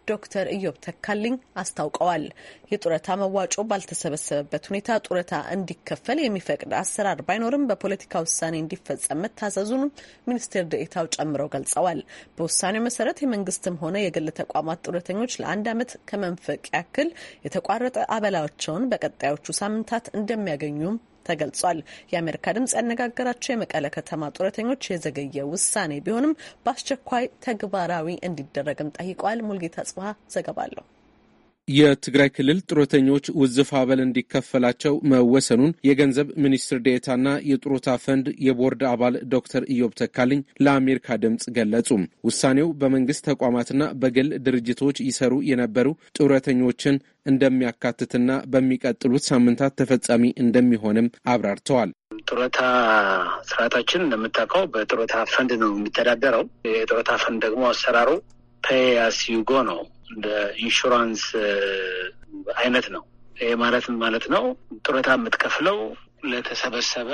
ዶክተር ኢዮብ ተካልኝ አስታውቀዋል። የጡረታ መዋጮ ባልተሰበሰበበት ሁኔታ ጡረታ እንዲከፈል የሚፈቅድ አሰራር ባይኖርም በፖለቲካ ውሳኔ እንዲፈጸም መታዘዙን ሚኒስቴር ደኤታው ጨምረው ገልጸዋል። በውሳኔው መሰረት የመንግስትም ሆነ የግል ተቋማት ጡረተኞች ለአንድ ዓመት ከመንፈቅ ያክል የተቋረጠ አበላቸውን በቀጣዮቹ ሳምንታት እንደሚያገኙም ተገልጿል። የአሜሪካ ድምጽ ያነጋገራቸው የመቀለ ከተማ ጡረተኞች የዘገየ ውሳኔ ቢሆንም በአስቸኳይ ተግባራዊ እንዲደረግም ጠይቋል። ሙልጌታ ጽብሀ ዘገባ አለው። የትግራይ ክልል ጡረተኞች ውዝፍ አበል እንዲከፈላቸው መወሰኑን የገንዘብ ሚኒስትር ዴታና የጡረታ ፈንድ የቦርድ አባል ዶክተር ኢዮብ ተካልኝ ለአሜሪካ ድምፅ ገለጹ። ውሳኔው በመንግስት ተቋማትና በግል ድርጅቶች ይሰሩ የነበሩ ጡረተኞችን እንደሚያካትትና በሚቀጥሉት ሳምንታት ተፈጻሚ እንደሚሆንም አብራርተዋል። ጡረታ ስርዓታችን እንደምታውቀው በጡረታ ፈንድ ነው የሚተዳደረው። የጡረታ ፈንድ ደግሞ አሰራሩ ፔያስዩጎ ነው እንደ ኢንሹራንስ አይነት ነው። ይህ ማለት ማለት ነው? ጡረታ የምትከፍለው ለተሰበሰበ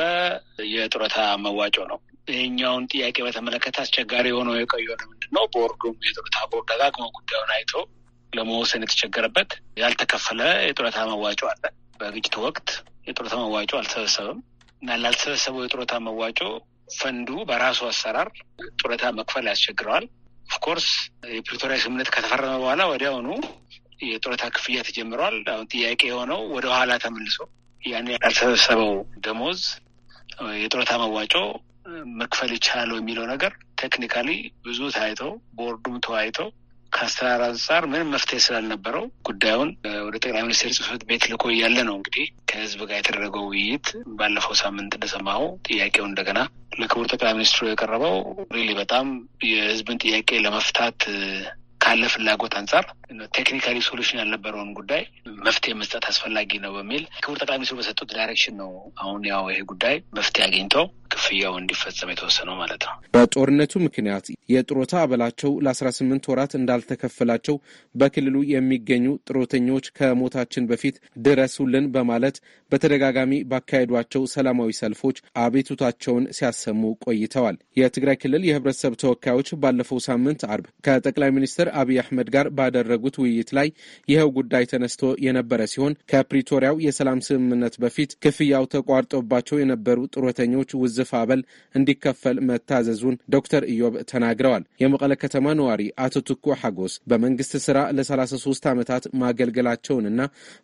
የጡረታ መዋጮ ነው። ይህኛውን ጥያቄ በተመለከተ አስቸጋሪ የሆነው የቆየው ምንድን ነው? ቦርዱም የጡረታ ቦርድ ደጋግሞ ጉዳዩን አይቶ ለመወሰን የተቸገረበት ያልተከፈለ የጡረታ መዋጮ አለ። በግጭት ወቅት የጡረታ መዋጮ አልተሰበሰበም እና ላልተሰበሰበው የጡረታ መዋጮ ፈንዱ በራሱ አሰራር ጡረታ መክፈል ያስቸግረዋል። ኦፍኮርስ የፕሪቶሪያ ስምምነት ከተፈረመ በኋላ ወዲያውኑ የጡረታ ክፍያ ተጀምረዋል። አሁን ጥያቄ የሆነው ወደ ኋላ ተመልሶ ያን ያልተሰበሰበው ደሞዝ የጡረታ መዋጮ መክፈል ይቻላል የሚለው ነገር ቴክኒካሊ ብዙ ታይተው ቦርዱም ተወያይተው ከአሰራር አንጻር ምንም መፍትሄ ስላልነበረው ጉዳዩን ወደ ጠቅላይ ሚኒስቴር ጽህፈት ቤት ልኮ እያለ ነው እንግዲህ ከህዝብ ጋር የተደረገው ውይይት ባለፈው ሳምንት እንደሰማው ጥያቄው እንደገና ለክቡር ጠቅላይ ሚኒስትሩ የቀረበው ሪሊ በጣም የህዝብን ጥያቄ ለመፍታት ካለ ፍላጎት አንጻር ቴክኒካሊ ሶሉሽን ያልነበረውን ጉዳይ መፍትሄ መስጠት አስፈላጊ ነው በሚል ክቡር ጠቅላይ ሚኒስትሩ በሰጡት ዳይሬክሽን ነው አሁን ያው ይሄ ጉዳይ መፍትሄ አግኝተው ክፍያው እንዲፈጸም የተወሰነው ማለት ነው። በጦርነቱ ምክንያት የጥሮታ አበላቸው ለአስራ ስምንት ወራት እንዳልተከፈላቸው በክልሉ የሚገኙ ጥሮተኞች ከሞታችን በፊት ድረሱልን በማለት በተደጋጋሚ ባካሄዷቸው ሰላማዊ ሰልፎች አቤቱታቸውን ሲያሰሙ ቆይተዋል። የትግራይ ክልል የህብረተሰብ ተወካዮች ባለፈው ሳምንት አርብ ከጠቅላይ ሚኒስትር አብይ አህመድ ጋር ባደረጉት ውይይት ላይ ይኸው ጉዳይ ተነስቶ የነበረ ሲሆን ከፕሪቶሪያው የሰላም ስምምነት በፊት ክፍያው ተቋርጦባቸው የነበሩ ጥሮተኞች ውዝፍ እጥፍ አበል እንዲከፈል መታዘዙን ዶክተር ኢዮብ ተናግረዋል። የመቀለ ከተማ ነዋሪ አቶ ትኩ ሐጎስ በመንግስት ስራ ለ33 ዓመታት ማገልገላቸውንና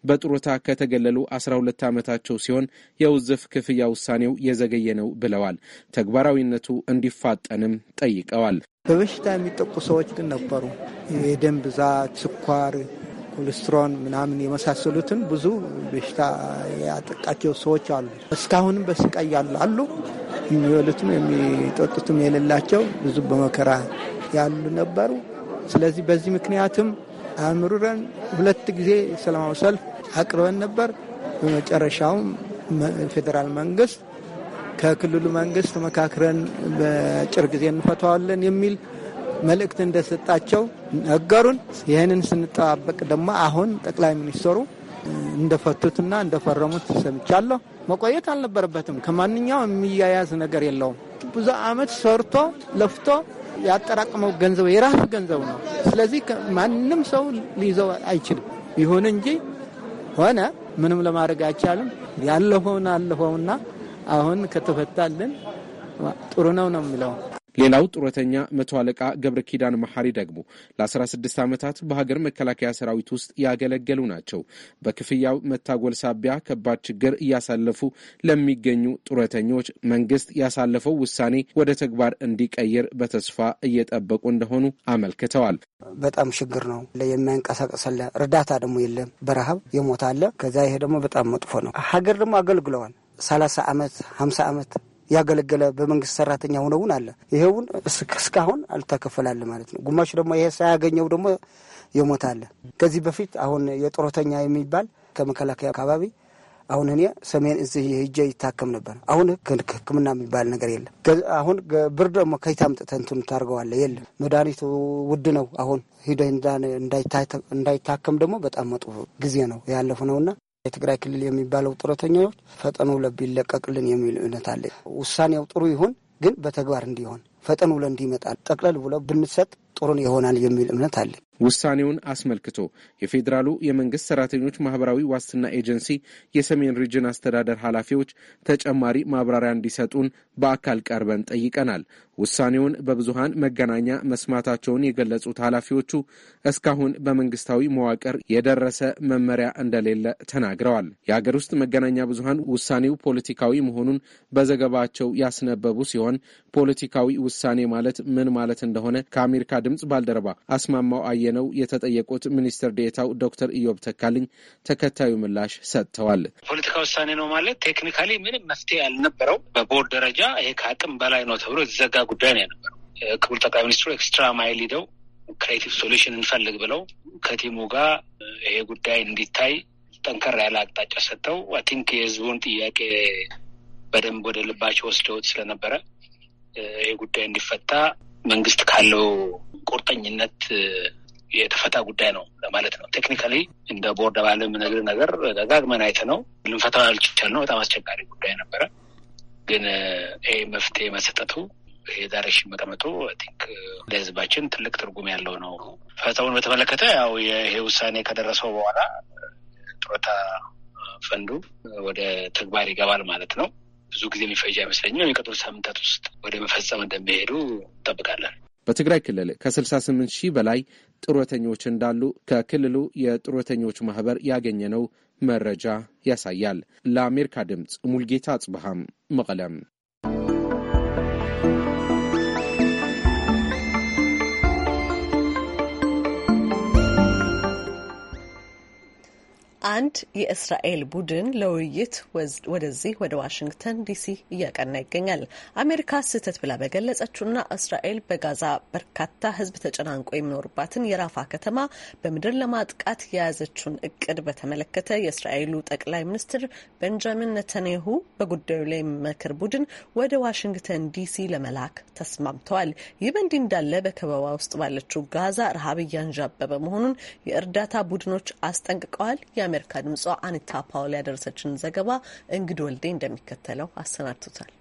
በጥሮታ ከተገለሉ 12 ዓመታቸው ሲሆን የውዝፍ ክፍያ ውሳኔው የዘገየ ነው ብለዋል። ተግባራዊነቱ እንዲፋጠንም ጠይቀዋል። በበሽታ የሚጠቁ ሰዎች ግን ነበሩ። የደም ብዛት፣ ስኳር ኮሌስትሮን ምናምን የመሳሰሉትን ብዙ በሽታ ያጠቃቸው ሰዎች አሉ። እስካሁንም በስቃይ ያሉ አሉ። የሚበሉትም የሚጠጡትም የሌላቸው ብዙ በመከራ ያሉ ነበሩ። ስለዚህ በዚህ ምክንያትም አምሩረን ሁለት ጊዜ ሰላማዊ ሰልፍ አቅርበን ነበር። በመጨረሻውም ፌዴራል መንግስት ከክልሉ መንግስት መካክረን በአጭር ጊዜ እንፈተዋለን የሚል መልእክት እንደሰጣቸው ነገሩን። ይህንን ስንጠባበቅ ደግሞ አሁን ጠቅላይ ሚኒስትሩ እንደፈቱትና እንደፈረሙት ሰምቻለሁ። መቆየት አልነበረበትም። ከማንኛውም የሚያያዝ ነገር የለውም። ብዙ አመት ሰርቶ ለፍቶ ያጠራቀመው ገንዘብ የራሱ ገንዘብ ነው። ስለዚህ ማንም ሰው ሊይዘው አይችልም። ይሁን እንጂ ሆነ ምንም ለማድረግ አይቻልም። ያለፈውን አለፈውና አሁን ከተፈታልን ጥሩ ነው ነው የሚለው ሌላው ጡረተኛ መቶ አለቃ ገብረ ኪዳን መሐሪ ደግሞ ለ16 ዓመታት በሀገር መከላከያ ሰራዊት ውስጥ ያገለገሉ ናቸው። በክፍያው መታጎል ሳቢያ ከባድ ችግር እያሳለፉ ለሚገኙ ጡረተኞች መንግስት ያሳለፈው ውሳኔ ወደ ተግባር እንዲቀይር በተስፋ እየጠበቁ እንደሆኑ አመልክተዋል። በጣም ችግር ነው። የሚያንቀሳቀሰለ እርዳታ ደግሞ የለም። በረሃብ የሞት አለ። ከዛ ይሄ ደግሞ በጣም መጥፎ ነው። ሀገር ደግሞ አገልግለዋል 30 ዓመት 50 ዓመት ያገለገለ በመንግስት ሰራተኛ ሆነውን አለ። ይሄውን እስካሁን አልተከፈላል ማለት ነው። ግማሹ ደግሞ ይሄ ሳያገኘው ደግሞ አለ ከዚህ በፊት አሁን የጡረተኛ የሚባል ከመከላከያ አካባቢ አሁን እኔ ሰሜን እዚህ ሄጄ ይታከም ነበር። አሁን ሕክምና የሚባል ነገር የለም። አሁን ብር ደግሞ ከይታምጥተህ እንትን የለም። መድኃኒቱ ውድ ነው። አሁን ሂደህ እንዳይታከም ደግሞ በጣም መጡ ጊዜ ነው ያለፉ ነውና የትግራይ ክልል የሚባለው ጡረተኞች ፈጠኑ ቢለቀቅልን የሚል እውነት አለ። ውሳኔው ጥሩ ይሁን ግን በተግባር እንዲሆን ፈጠኑ ለእንዲመጣል ጠቅለል ብለው ብንሰጥ ጥሩን ይሆናል የሚል እምነት አለ። ውሳኔውን አስመልክቶ የፌዴራሉ የመንግስት ሰራተኞች ማህበራዊ ዋስትና ኤጀንሲ የሰሜን ሪጅን አስተዳደር ኃላፊዎች ተጨማሪ ማብራሪያ እንዲሰጡን በአካል ቀርበን ጠይቀናል። ውሳኔውን በብዙሃን መገናኛ መስማታቸውን የገለጹት ኃላፊዎቹ እስካሁን በመንግስታዊ መዋቅር የደረሰ መመሪያ እንደሌለ ተናግረዋል። የአገር ውስጥ መገናኛ ብዙሃን ውሳኔው ፖለቲካዊ መሆኑን በዘገባቸው ያስነበቡ ሲሆን ፖለቲካዊ ውሳኔ ማለት ምን ማለት እንደሆነ ከአሜሪካ ድምፅ ባልደረባ አስማማው አየነው የተጠየቁት ሚኒስትር ዴታው ዶክተር ኢዮብ ተካልኝ ተከታዩ ምላሽ ሰጥተዋል። ፖለቲካ ውሳኔ ነው ማለት ቴክኒካሊ ምንም መፍትሄ ያልነበረው በቦርድ ደረጃ ይሄ ከአቅም በላይ ነው ተብሎ የተዘጋ ጉዳይ ነው የነበረው። ክቡር ጠቅላይ ሚኒስትሩ ኤክስትራ ማይል ሂደው ክሬቲቭ ሶሉሽን እንፈልግ ብለው ከቲሙ ጋር ይሄ ጉዳይ እንዲታይ ጠንከር ያለ አቅጣጫ ሰጥተው አይ ቲንክ የህዝቡን ጥያቄ በደንብ ወደ ልባቸው ወስደውት ስለነበረ ይሄ ጉዳይ እንዲፈታ መንግስት ካለው ቁርጠኝነት የተፈታ ጉዳይ ነው ለማለት ነው። ቴክኒካሊ እንደ ቦርድ ባለ የምነግር ነገር ደጋግመን አይተ ነው ልንፈታው ነው። በጣም አስቸጋሪ ጉዳይ ነበረ። ግን ይህ መፍትሄ መሰጠቱ ይሄ ዳይሬክሽን መቀመጡ ቲንክ ለህዝባችን ትልቅ ትርጉም ያለው ነው። ፈተውን በተመለከተ ያው ይሄ ውሳኔ ከደረሰው በኋላ ጡረታ ፈንዱ ወደ ተግባር ይገባል ማለት ነው። ብዙ ጊዜ የሚፈጅ አይመስለኝም። የሚቀጥሉት ሳምንታት ውስጥ ወደ መፈጸም እንደሚሄዱ እንጠብቃለን። በትግራይ ክልል ከ68 ሺህ በላይ ጡረተኞች እንዳሉ ከክልሉ የጡረተኞች ማህበር ያገኘነው መረጃ ያሳያል። ለአሜሪካ ድምፅ ሙልጌታ አጽብሃም መቀለም አንድ የእስራኤል ቡድን ለውይይት ወደዚህ ወደ ዋሽንግተን ዲሲ እያቀና ይገኛል። አሜሪካ ስህተት ብላ በገለጸችውና እስራኤል በጋዛ በርካታ ሕዝብ ተጨናንቆ የሚኖርባትን የራፋ ከተማ በምድር ለማጥቃት የያዘችውን እቅድ በተመለከተ የእስራኤሉ ጠቅላይ ሚኒስትር ቤንጃሚን ነተንያሁ በጉዳዩ ላይ የሚመክር ቡድን ወደ ዋሽንግተን ዲሲ ለመላክ ተስማምተዋል። ይህ በእንዲህ እንዳለ በከበባ ውስጥ ባለችው ጋዛ ረሃብ እያንዣበበ መሆኑን የእርዳታ ቡድኖች አስጠንቅቀዋል። የአሜሪካ ድምጿ አኒታ ፓውል ያደረሰችን ዘገባ እንግድ ወልዴ እንደሚከተለው አሰናድቶታል።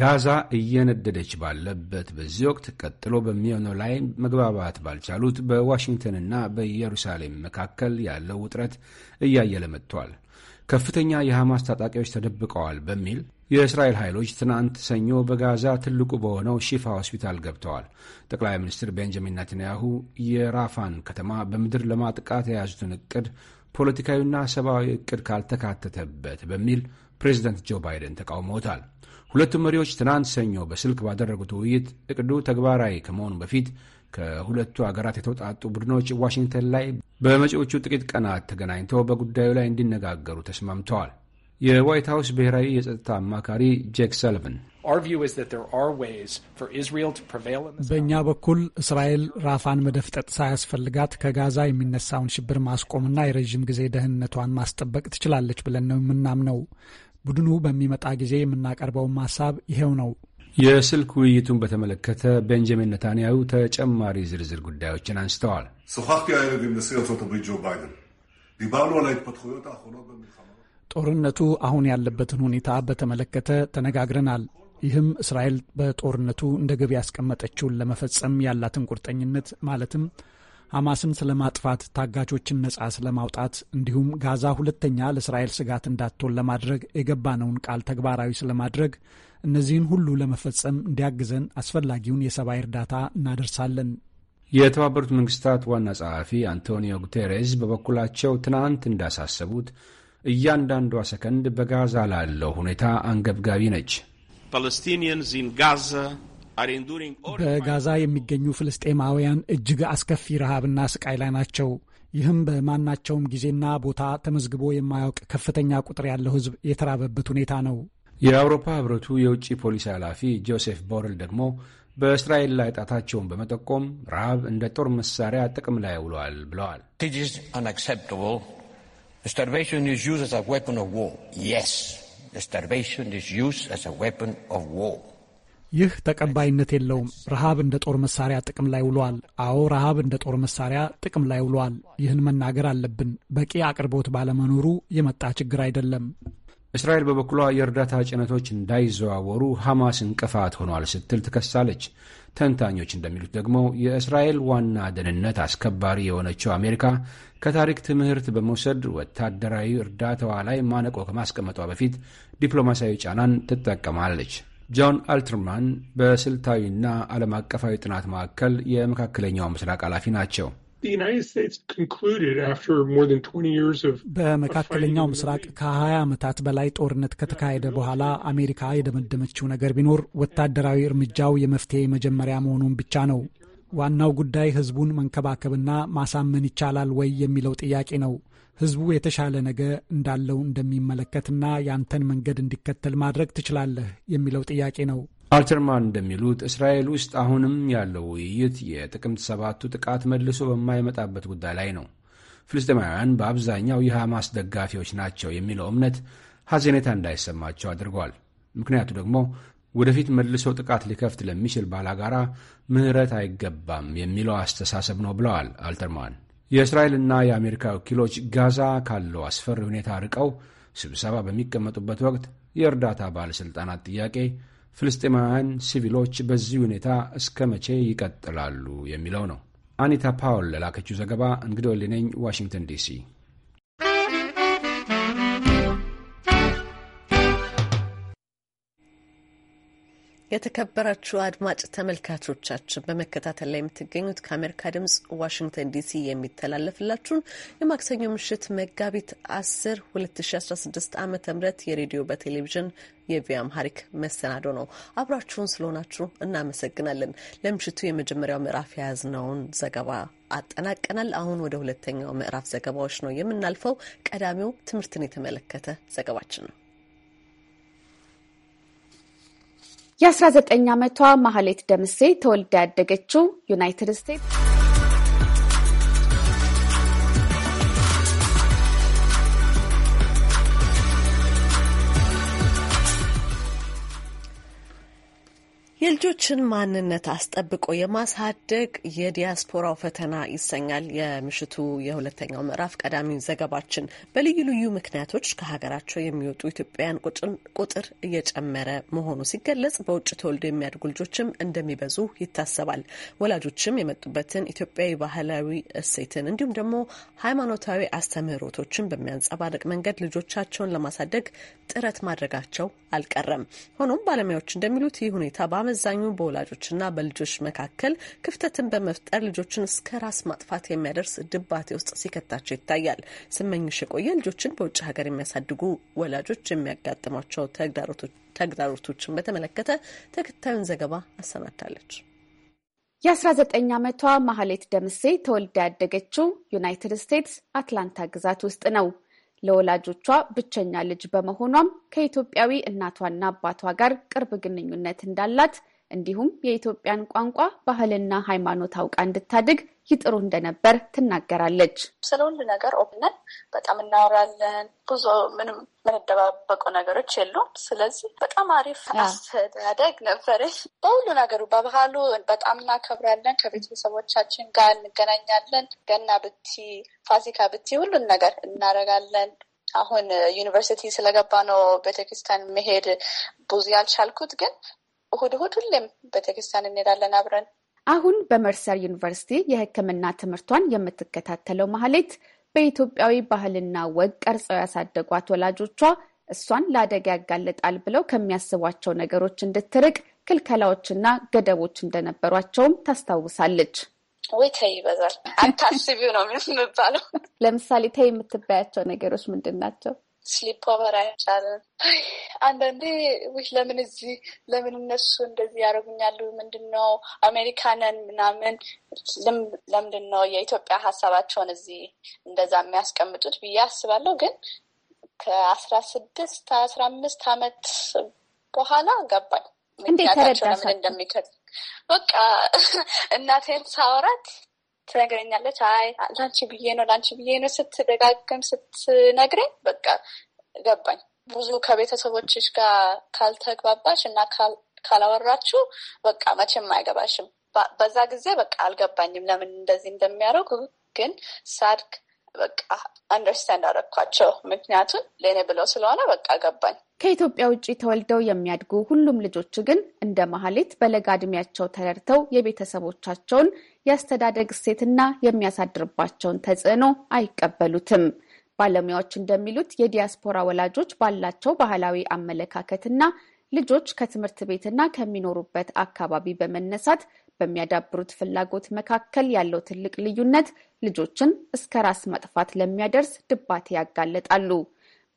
ጋዛ እየነደደች ባለበት በዚህ ወቅት ቀጥሎ በሚሆነው ላይ መግባባት ባልቻሉት በዋሽንግተንና በኢየሩሳሌም መካከል ያለው ውጥረት እያየለ መጥቷል። ከፍተኛ የሐማስ ታጣቂዎች ተደብቀዋል በሚል የእስራኤል ኃይሎች ትናንት ሰኞ በጋዛ ትልቁ በሆነው ሺፋ ሆስፒታል ገብተዋል። ጠቅላይ ሚኒስትር ቤንጃሚን ነትንያሁ የራፋን ከተማ በምድር ለማጥቃት የያዙትን እቅድ ፖለቲካዊና ሰብአዊ ዕቅድ ካልተካተተበት በሚል ፕሬዚደንት ጆ ባይደን ተቃውመውታል። ሁለቱም መሪዎች ትናንት ሰኞ በስልክ ባደረጉት ውይይት ዕቅዱ ተግባራዊ ከመሆኑ በፊት ከሁለቱ አገራት የተውጣጡ ቡድኖች ዋሽንግተን ላይ በመጪዎቹ ጥቂት ቀናት ተገናኝተው በጉዳዩ ላይ እንዲነጋገሩ ተስማምተዋል። የዋይት ሀውስ ብሔራዊ የጸጥታ አማካሪ ጄክ ሰልቨን በእኛ በኩል እስራኤል ራፋን መደፍጠጥ ሳያስፈልጋት ከጋዛ የሚነሳውን ሽብር ማስቆምና የረዥም ጊዜ ደህንነቷን ማስጠበቅ ትችላለች ብለን ነው የምናምነው። ቡድኑ በሚመጣ ጊዜ የምናቀርበውም ሀሳብ ይሄው ነው። የስልክ ውይይቱን በተመለከተ ቤንጃሚን ነታንያሁ ተጨማሪ ዝርዝር ጉዳዮችን አንስተዋል። ጦርነቱ አሁን ያለበትን ሁኔታ በተመለከተ ተነጋግረናል። ይህም እስራኤል በጦርነቱ እንደ ገቢ ያስቀመጠችውን ለመፈጸም ያላትን ቁርጠኝነት ማለትም ሐማስን ስለማጥፋት ታጋቾችን ነጻ ስለማውጣት እንዲሁም ጋዛ ሁለተኛ ለእስራኤል ስጋት እንዳትሆን ለማድረግ የገባነውን ቃል ተግባራዊ ስለማድረግ እነዚህን ሁሉ ለመፈጸም እንዲያግዘን አስፈላጊውን የሰብአዊ እርዳታ እናደርሳለን። የተባበሩት መንግስታት ዋና ጸሐፊ አንቶኒዮ ጉቴሬስ በበኩላቸው ትናንት እንዳሳሰቡት እያንዳንዷ ሰከንድ በጋዛ ላለው ሁኔታ አንገብጋቢ ነች። በጋዛ የሚገኙ ፍልስጤማውያን እጅግ አስከፊ ረሃብና ስቃይ ላይ ናቸው። ይህም በማናቸውም ጊዜና ቦታ ተመዝግቦ የማያውቅ ከፍተኛ ቁጥር ያለው ሕዝብ የተራበበት ሁኔታ ነው። የአውሮፓ ሕብረቱ የውጭ ፖሊሲ ኃላፊ ጆሴፍ ቦረል ደግሞ በእስራኤል ላይ ጣታቸውን በመጠቆም ረሃብ እንደ ጦር መሳሪያ ጥቅም ላይ ውለዋል ብለዋል። ኢት ስታርቬሽን ዌፐን ኦፍ ዋር የስ ይህ ተቀባይነት የለውም። ረሃብ እንደ ጦር መሳሪያ ጥቅም ላይ ውሏል። አዎ ረሃብ እንደ ጦር መሳሪያ ጥቅም ላይ ውሏል። ይህን መናገር አለብን። በቂ አቅርቦት ባለመኖሩ የመጣ ችግር አይደለም። እስራኤል በበኩሏ የእርዳታ ጭነቶች እንዳይዘዋወሩ ሐማስ እንቅፋት ሆኗል ስትል ትከሳለች። ተንታኞች እንደሚሉት ደግሞ የእስራኤል ዋና ደህንነት አስከባሪ የሆነችው አሜሪካ ከታሪክ ትምህርት በመውሰድ ወታደራዊ እርዳታዋ ላይ ማነቆ ከማስቀመጧ በፊት ዲፕሎማሲያዊ ጫናን ትጠቀማለች። ጆን አልትርማን በስልታዊና ዓለም አቀፋዊ ጥናት ማዕከል የመካከለኛው ምስራቅ ኃላፊ ናቸው። በመካከለኛው ምስራቅ ከ20 ዓመታት በላይ ጦርነት ከተካሄደ በኋላ አሜሪካ የደመደመችው ነገር ቢኖር ወታደራዊ እርምጃው የመፍትሄ መጀመሪያ መሆኑን ብቻ ነው። ዋናው ጉዳይ ህዝቡን መንከባከብና ማሳመን ይቻላል ወይ የሚለው ጥያቄ ነው። ህዝቡ የተሻለ ነገ እንዳለው እንደሚመለከትና ያንተን መንገድ እንዲከተል ማድረግ ትችላለህ የሚለው ጥያቄ ነው። አልተርማን እንደሚሉት እስራኤል ውስጥ አሁንም ያለው ውይይት የጥቅምት ሰባቱ ጥቃት መልሶ በማይመጣበት ጉዳይ ላይ ነው። ፍልስጤማውያን በአብዛኛው የሐማስ ደጋፊዎች ናቸው የሚለው እምነት ሐዘኔታ እንዳይሰማቸው አድርጓል። ምክንያቱ ደግሞ ወደፊት መልሶ ጥቃት ሊከፍት ለሚችል ባላጋራ ምህረት አይገባም የሚለው አስተሳሰብ ነው ብለዋል አልተርማን። የእስራኤልና የአሜሪካ ወኪሎች ጋዛ ካለው አስፈሪ ሁኔታ ርቀው ስብሰባ በሚቀመጡበት ወቅት የእርዳታ ባለሥልጣናት ጥያቄ ፍልስጤማውያን ሲቪሎች በዚህ ሁኔታ እስከ መቼ ይቀጥላሉ የሚለው ነው። አኒታ ፓውል ለላከችው ዘገባ እንግዶልነኝ ዋሽንግተን ዲሲ የተከበራችሁ አድማጭ ተመልካቾቻችን በመከታተል ላይ የምትገኙት ከአሜሪካ ድምጽ ዋሽንግተን ዲሲ የሚተላለፍላችሁን የማክሰኞ ምሽት መጋቢት 10 2016 ዓ ም የሬዲዮ በቴሌቪዥን የቪኦኤ አምሃሪክ መሰናዶ ነው። አብራችሁን ስለሆናችሁ እናመሰግናለን። ለምሽቱ የመጀመሪያው ምዕራፍ የያዝነውን ዘገባ አጠናቀናል። አሁን ወደ ሁለተኛው ምዕራፍ ዘገባዎች ነው የምናልፈው። ቀዳሚው ትምህርትን የተመለከተ ዘገባችን ነው። የ19 ዓመቷ ማህሌት ደምሴ ተወልዳ ያደገችው ዩናይትድ ስቴትስ የልጆችን ማንነት አስጠብቆ የማሳደግ የዲያስፖራው ፈተና ይሰኛል የምሽቱ የሁለተኛው ምዕራፍ ቀዳሚ ዘገባችን። በልዩ ልዩ ምክንያቶች ከሀገራቸው የሚወጡ ኢትዮጵያውያን ቁጥር እየጨመረ መሆኑ ሲገለጽ በውጭ ተወልዶ የሚያድጉ ልጆችም እንደሚበዙ ይታሰባል። ወላጆችም የመጡበትን ኢትዮጵያዊ ባህላዊ እሴትን እንዲሁም ደግሞ ሃይማኖታዊ አስተምህሮቶችን በሚያንጸባርቅ መንገድ ልጆቻቸውን ለማሳደግ ጥረት ማድረጋቸው አልቀረም። ሆኖም ባለሙያዎች እንደሚሉት ይህ ሁኔታ በአመዛኙ በወላጆችና በልጆች መካከል ክፍተትን በመፍጠር ልጆችን እስከ ራስ ማጥፋት የሚያደርስ ድባቴ ውስጥ ሲከታቸው ይታያል። ስመኝሽ የቆየ ልጆችን በውጭ ሀገር የሚያሳድጉ ወላጆች የሚያጋጥሟቸው ተግዳሮቶችን በተመለከተ ተከታዩን ዘገባ አሰናድታለች። የ19 ዓመቷ ማህሌት ደምሴ ተወልዳ ያደገችው ዩናይትድ ስቴትስ አትላንታ ግዛት ውስጥ ነው። ለወላጆቿ ብቸኛ ልጅ በመሆኗም ከኢትዮጵያዊ እናቷና አባቷ ጋር ቅርብ ግንኙነት እንዳላት እንዲሁም የኢትዮጵያን ቋንቋ ባህልና ሃይማኖት አውቃ እንድታድግ ይጥሩ እንደነበር ትናገራለች። ስለ ሁሉ ነገር ኦብነን በጣም እናወራለን። ብዙ ምንም የምንደባበቀው ነገሮች የሉም። ስለዚህ በጣም አሪፍ አስተዳደግ ነበረች። በሁሉ ነገሩ በባህሉ በጣም እናከብራለን። ከቤተሰቦቻችን ጋር እንገናኛለን። ገና ብቲ፣ ፋሲካ ብቲ ሁሉን ነገር እናደርጋለን። አሁን ዩኒቨርሲቲ ስለገባ ነው ቤተክርስቲያን መሄድ ብዙ ያልቻልኩት፣ ግን እሁድ እሁድ ሁሌም ቤተክርስቲያን እንሄዳለን አብረን። አሁን በመርሰር ዩኒቨርሲቲ የሕክምና ትምህርቷን የምትከታተለው ማህሌት በኢትዮጵያዊ ባህልና ወግ ቀርጸው ያሳደጓት ወላጆቿ እሷን ለአደጋ ያጋልጣል ብለው ከሚያስቧቸው ነገሮች እንድትርቅ ክልከላዎችና ገደቦች እንደነበሯቸውም ታስታውሳለች። ወይ ተይ ይበዛል፣ አታስቢው ነው ምን ለምሳሌ ተይ የምትባያቸው ነገሮች ምንድን ናቸው? ስሊፕ ኦቨር አይቻልም። አንዳንዴ ውይ ለምን እዚህ ለምን እነሱ እንደዚህ ያደርጉኛሉ? ምንድን ነው አሜሪካንን ምናምን ለምንድን ነው የኢትዮጵያ ሀሳባቸውን እዚህ እንደዛ የሚያስቀምጡት ብዬ አስባለሁ። ግን ከአስራ ስድስት አስራ አምስት አመት በኋላ ገባኝ ምክንያታቸው ለምን እንደሚከ በቃ እናቴን ሳወራት ትነግረኛለች። አይ ላንቺ ብዬ ነው ላንቺ ብዬ ነው ስትደጋግም ስትነግረኝ በቃ ገባኝ። ብዙ ከቤተሰቦችሽ ጋር ካልተግባባሽ እና ካላወራችሁ በቃ መቼም አይገባሽም። በዛ ጊዜ በቃ አልገባኝም ለምን እንደዚህ እንደሚያደርጉ ግን ሳድግ በቃ አንደርስታንድ አደረግኳቸው። ምክንያቱም ለእኔ ብለው ስለሆነ በቃ ገባኝ። ከኢትዮጵያ ውጭ ተወልደው የሚያድጉ ሁሉም ልጆች ግን እንደ መሀሌት በለጋ ዕድሜያቸው ተረድተው የቤተሰቦቻቸውን የአስተዳደግ እሴትና የሚያሳድርባቸውን ተጽዕኖ አይቀበሉትም። ባለሙያዎች እንደሚሉት የዲያስፖራ ወላጆች ባላቸው ባህላዊ አመለካከትና ልጆች ከትምህርት ቤትና ከሚኖሩበት አካባቢ በመነሳት በሚያዳብሩት ፍላጎት መካከል ያለው ትልቅ ልዩነት ልጆችን እስከ ራስ መጥፋት ለሚያደርስ ድባቴ ያጋለጣሉ።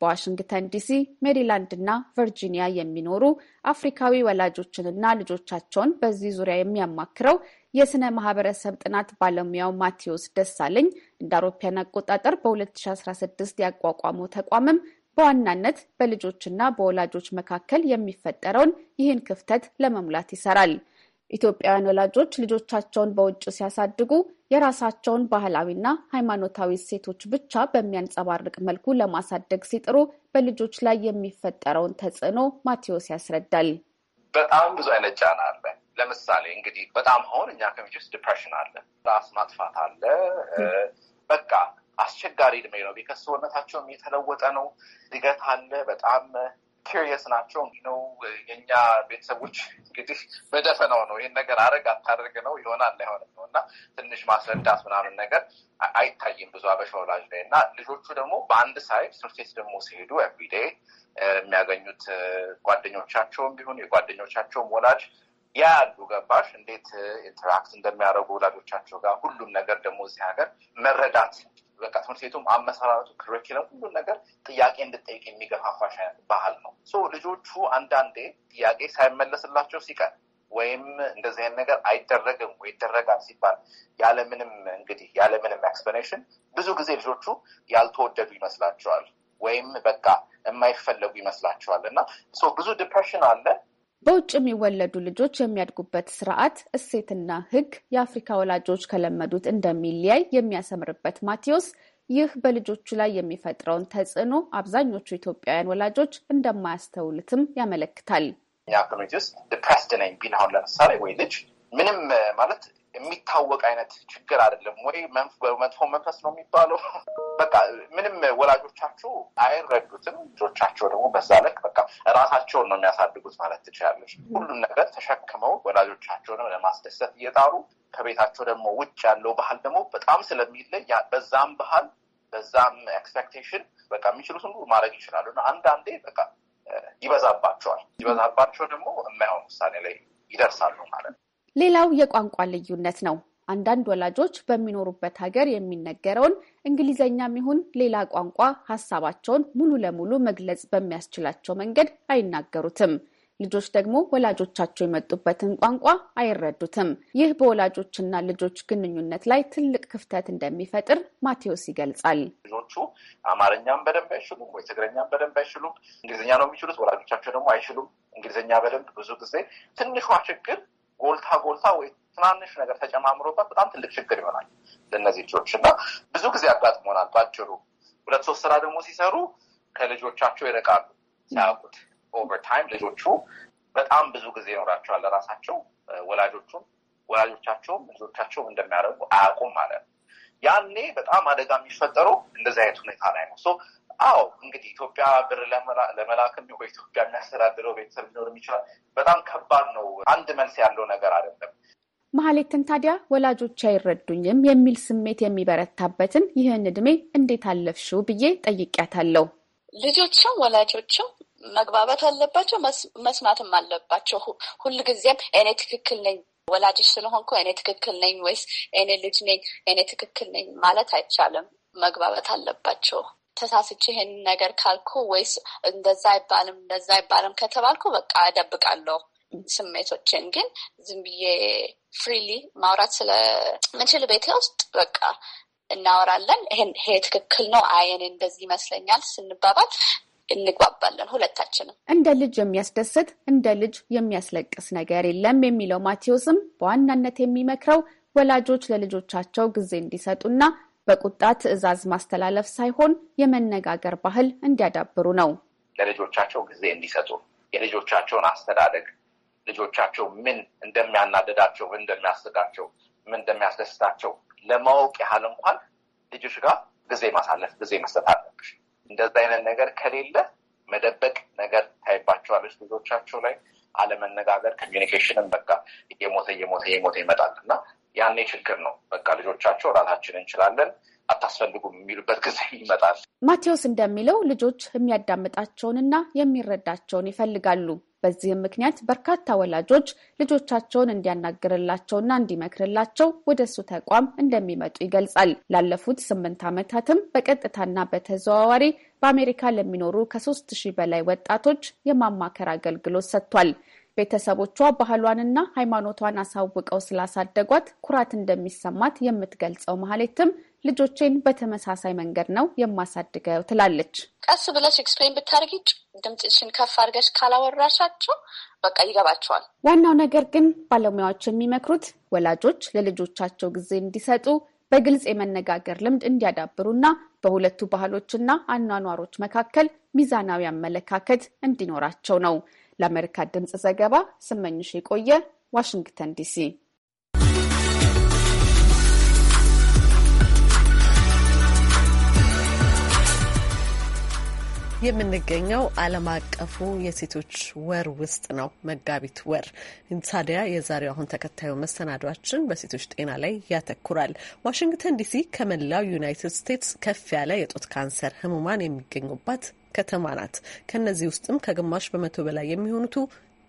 በዋሽንግተን ዲሲ፣ ሜሪላንድ እና ቨርጂኒያ የሚኖሩ አፍሪካዊ ወላጆችንና ልጆቻቸውን በዚህ ዙሪያ የሚያማክረው የስነ ማህበረሰብ ጥናት ባለሙያው ማቴዎስ ደሳለኝ እንደ አውሮፓያን አቆጣጠር በ2016 ያቋቋመው ተቋምም በዋናነት በልጆችና በወላጆች መካከል የሚፈጠረውን ይህን ክፍተት ለመሙላት ይሰራል። ኢትዮጵያውያን ወላጆች ልጆቻቸውን በውጭ ሲያሳድጉ የራሳቸውን ባህላዊና ሃይማኖታዊ እሴቶች ብቻ በሚያንጸባርቅ መልኩ ለማሳደግ ሲጥሩ በልጆች ላይ የሚፈጠረውን ተጽዕኖ ማቴዎስ ያስረዳል። በጣም ብዙ አይነት ጫና አለ። ለምሳሌ እንግዲህ በጣም አሁን እኛ ከሚች ውስጥ ዲፕሬሽን አለ፣ ራስ ማጥፋት አለ። በቃ አስቸጋሪ እድሜ ነው። ቤተሰብነታቸውም የተለወጠ ነው። ድገት አለ በጣም ኪሪየስ ናቸው ነው የእኛ ቤተሰቦች እንግዲህ በደፈናው ነው ይህን ነገር አረግ አታደርግ ነው ይሆናል አይሆንም ነው እና ትንሽ ማስረዳት ምናምን ነገር አይታይም ብዙ አበሻ ወላጅ ላይ እና ልጆቹ ደግሞ በአንድ ሳይድ ትምህርት ቤት ደግሞ ሲሄዱ ኤቭሪዴ የሚያገኙት ጓደኞቻቸውም ቢሆን የጓደኞቻቸውም ወላጅ ያ ያሉ ገባሽ እንዴት ኢንተራክት እንደሚያደርጉ ወላጆቻቸው ጋር ሁሉም ነገር ደግሞ እዚህ ሀገር መረዳት በቃ ትምህርት ቤቱም አመሰራረቱ ክሪኪለም ሁሉን ነገር ጥያቄ እንድጠይቅ የሚገፋፋሽ አይነት ባህል ነው። ልጆቹ አንዳንዴ ጥያቄ ሳይመለስላቸው ሲቀር ወይም እንደዚህ አይነት ነገር አይደረግም ወይ ይደረጋል ሲባል ያለምንም እንግዲህ ያለምንም ኤክስፕላኔሽን ብዙ ጊዜ ልጆቹ ያልተወደዱ ይመስላቸዋል ወይም በቃ የማይፈለጉ ይመስላቸዋል እና ብዙ ዲፕሬሽን አለ። በውጭ የሚወለዱ ልጆች የሚያድጉበት ስርዓት እሴትና ህግ የአፍሪካ ወላጆች ከለመዱት እንደሚለያይ የሚያሰምርበት ማቴዎስ ይህ በልጆቹ ላይ የሚፈጥረውን ተጽዕኖ አብዛኞቹ ኢትዮጵያውያን ወላጆች እንደማያስተውሉትም ያመለክታል። እኛ ኮሚኒቲ ውስጥ ዲፕረስድ ነኝ ቢል አሁን ለምሳሌ ወይ ልጅ ምንም ማለት የሚታወቅ አይነት ችግር አይደለም ወይ መጥፎ መንፈስ ነው የሚባለው። በቃ ምንም ወላጆቻችሁ አይረዱትም፣ ልጆቻቸው ደግሞ በዛ ልክ በቃ ራሳቸውን ነው የሚያሳድጉት ማለት ትችላለች። ሁሉም ነገር ተሸክመው ወላጆቻቸውን ለማስደሰት እየጣሩ ከቤታቸው ደግሞ ውጭ ያለው ባህል ደግሞ በጣም ስለሚለይ በዛም ባህል በዛም ኤክስፔክቴሽን በቃ የሚችሉትን ሁሉ ማድረግ ይችላሉ እና አንዳንዴ በቃ ይበዛባቸዋል። ይበዛባቸው ደግሞ የማይሆን ውሳኔ ላይ ይደርሳሉ ማለት ነው። ሌላው የቋንቋ ልዩነት ነው። አንዳንድ ወላጆች በሚኖሩበት ሀገር የሚነገረውን እንግሊዘኛም ይሁን ሌላ ቋንቋ ሀሳባቸውን ሙሉ ለሙሉ መግለጽ በሚያስችላቸው መንገድ አይናገሩትም። ልጆች ደግሞ ወላጆቻቸው የመጡበትን ቋንቋ አይረዱትም። ይህ በወላጆችና ልጆች ግንኙነት ላይ ትልቅ ክፍተት እንደሚፈጥር ማቴዎስ ይገልጻል። ልጆቹ አማርኛም በደንብ አይችሉም ወይ ትግረኛም በደንብ አይችሉም። እንግሊዝኛ ነው የሚችሉት፣ ወላጆቻቸው ደግሞ አይችሉም እንግሊዝኛ በደንብ ብዙ ጊዜ ትንሿ ችግር ጎልታ ጎልታ ወይ ትናንሽ ነገር ተጨማምሮባት በጣም ትልቅ ችግር ይሆናል ለእነዚህ ልጆች እና ብዙ ጊዜ አጋጥሞናል። በአጭሩ ሁለት ሶስት ስራ ደግሞ ሲሰሩ ከልጆቻቸው ይርቃሉ ሲያውቁት። ኦቨርታይም ልጆቹ በጣም ብዙ ጊዜ ይኖራቸዋል ለራሳቸው። ወላጆቹም ወላጆቻቸውም ልጆቻቸውም እንደሚያደርጉ አያውቁም ማለት ነው። ያኔ በጣም አደጋ የሚፈጠረው እንደዚህ አይነት ሁኔታ ላይ ነው። አዎ እንግዲህ ኢትዮጵያ ብር ለመላክም ኢትዮጵያ የሚያስተዳድረው ቤተሰብ ሊኖር የሚችላል። በጣም ከባድ ነው። አንድ መልስ ያለው ነገር አይደለም። መሀሌትን ታዲያ ወላጆች አይረዱኝም የሚል ስሜት የሚበረታበትን ይህን እድሜ እንዴት አለፍሽው ብዬ ጠይቅያታለው ልጆችም ወላጆችም መግባባት አለባቸው፣ መስማትም አለባቸው። ሁልጊዜም እኔ ትክክል ነኝ ወላጆች ስለሆንኩ እኔ ትክክል ነኝ ወይስ እኔ ልጅ ነኝ እኔ ትክክል ነኝ ማለት አይቻልም። መግባባት አለባቸው። ተሳስቼ ይሄን ነገር ካልኩ ወይስ እንደዛ አይባልም እንደዛ አይባልም ከተባልኩ በቃ እደብቃለሁ ስሜቶችን ግን ዝም ብዬ ፍሪሊ ማውራት ስለምችል ቤቴ ውስጥ በቃ እናወራለን። ይሄን ይሄ ትክክል ነው አየን እንደዚህ ይመስለኛል ስንባባል እንግባባለን ሁለታችንም። እንደ ልጅ የሚያስደስት እንደ ልጅ የሚያስለቅስ ነገር የለም የሚለው ማቴዎስም በዋናነት የሚመክረው ወላጆች ለልጆቻቸው ጊዜ እንዲሰጡና በቁጣ ትዕዛዝ ማስተላለፍ ሳይሆን የመነጋገር ባህል እንዲያዳብሩ ነው። ለልጆቻቸው ጊዜ እንዲሰጡ የልጆቻቸውን አስተዳደግ ልጆቻቸው ምን እንደሚያናደዳቸው፣ ምን እንደሚያስጋቸው፣ ምን እንደሚያስደስታቸው ለማወቅ ያህል እንኳን ልጆች ጋር ጊዜ ማሳለፍ ጊዜ መስጠት አለብሽ። እንደዚ አይነት ነገር ከሌለ መደበቅ ነገር ታይባቸዋለች ልጆቻቸው ላይ አለመነጋገር፣ ኮሚኒኬሽንን በቃ እየሞተ እየሞተ እየሞተ ይመጣል እና ያኔ ችግር ነው። በቃ ልጆቻቸው ራሳችን እንችላለን አታስፈልጉም የሚሉበት ጊዜ ይመጣል። ማቴዎስ እንደሚለው ልጆች የሚያዳምጣቸውንና የሚረዳቸውን ይፈልጋሉ። በዚህም ምክንያት በርካታ ወላጆች ልጆቻቸውን እንዲያናግርላቸውና እንዲመክርላቸው ወደ እሱ ተቋም እንደሚመጡ ይገልጻል። ላለፉት ስምንት ዓመታትም በቀጥታና በተዘዋዋሪ በአሜሪካ ለሚኖሩ ከሶስት ሺህ በላይ ወጣቶች የማማከር አገልግሎት ሰጥቷል። ቤተሰቦቿ ባህሏንና ሃይማኖቷን አሳውቀው ስላሳደጓት ኩራት እንደሚሰማት የምትገልጸው መሀሌትም ልጆቼን በተመሳሳይ መንገድ ነው የማሳድገው ትላለች። ቀስ ብለሽ ኤክስፕሌን ብታደርጊ ድምፅሽን ከፍ አድርገሽ ካላወራሻቸው በቃ ይገባቸዋል። ዋናው ነገር ግን ባለሙያዎች የሚመክሩት ወላጆች ለልጆቻቸው ጊዜ እንዲሰጡ በግልጽ የመነጋገር ልምድ እንዲያዳብሩና በሁለቱ ባህሎችና አኗኗሮች መካከል ሚዛናዊ አመለካከት እንዲኖራቸው ነው። ለአሜሪካ ድምፅ ዘገባ ስመኝሽ የቆየ ዋሽንግተን ዲሲ። የምንገኘው ዓለም አቀፉ የሴቶች ወር ውስጥ ነው፣ መጋቢት ወር። ታዲያ የዛሬው አሁን ተከታዩ መሰናዷችን በሴቶች ጤና ላይ ያተኩራል። ዋሽንግተን ዲሲ ከመላው ዩናይትድ ስቴትስ ከፍ ያለ የጡት ካንሰር ህሙማን የሚገኙባት ከተማ ናት። ከእነዚህ ውስጥም ከግማሽ በመቶ በላይ የሚሆኑቱ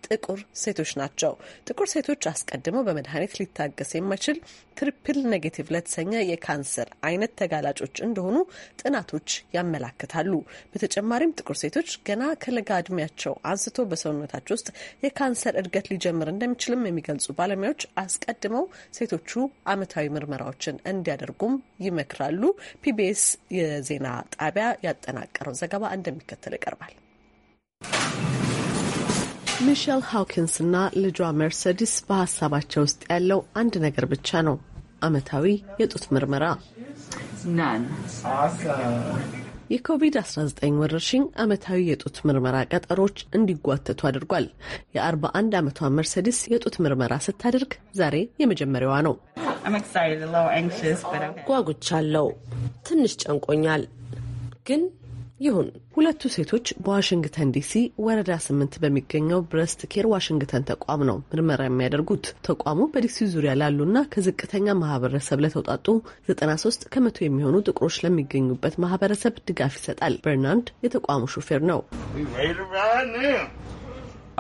ጥቁር ሴቶች ናቸው። ጥቁር ሴቶች አስቀድመው በመድኃኒት ሊታገስ የማይችል ትሪፕል ኔጌቲቭ ለተሰኘ የካንሰር አይነት ተጋላጮች እንደሆኑ ጥናቶች ያመላክታሉ። በተጨማሪም ጥቁር ሴቶች ገና ከለጋ እድሜያቸው አንስቶ በሰውነታቸው ውስጥ የካንሰር እድገት ሊጀምር እንደሚችልም የሚገልጹ ባለሙያዎች አስቀድመው ሴቶቹ አመታዊ ምርመራዎችን እንዲያደርጉም ይመክራሉ። ፒቢኤስ የዜና ጣቢያ ያጠናቀረው ዘገባ እንደሚከተል ይቀርባል። ሃውኪንስ እና ልጇ መርሴዲስ በሀሳባቸው ውስጥ ያለው አንድ ነገር ብቻ ነው፣ ዓመታዊ የጡት ምርመራ። የኮቪድ-19 ወረርሽኝ ዓመታዊ የጡት ምርመራ ቀጠሮች እንዲጓተቱ አድርጓል። የ41 ዓመቷ መርሴዲስ የጡት ምርመራ ስታደርግ ዛሬ የመጀመሪያዋ ነው። ጓጉቻለሁ፣ ትንሽ ጨንቆኛል፣ ግን ይሁን ሁለቱ ሴቶች በዋሽንግተን ዲሲ ወረዳ ስምንት በሚገኘው ብረስት ኬር ዋሽንግተን ተቋም ነው ምርመራ የሚያደርጉት። ተቋሙ በዲሲ ዙሪያ ላሉና ከዝቅተኛ ማህበረሰብ ለተውጣጡ 93 ከመቶ የሚሆኑ ጥቁሮች ለሚገኙበት ማህበረሰብ ድጋፍ ይሰጣል። በርናንድ የተቋሙ ሹፌር ነው።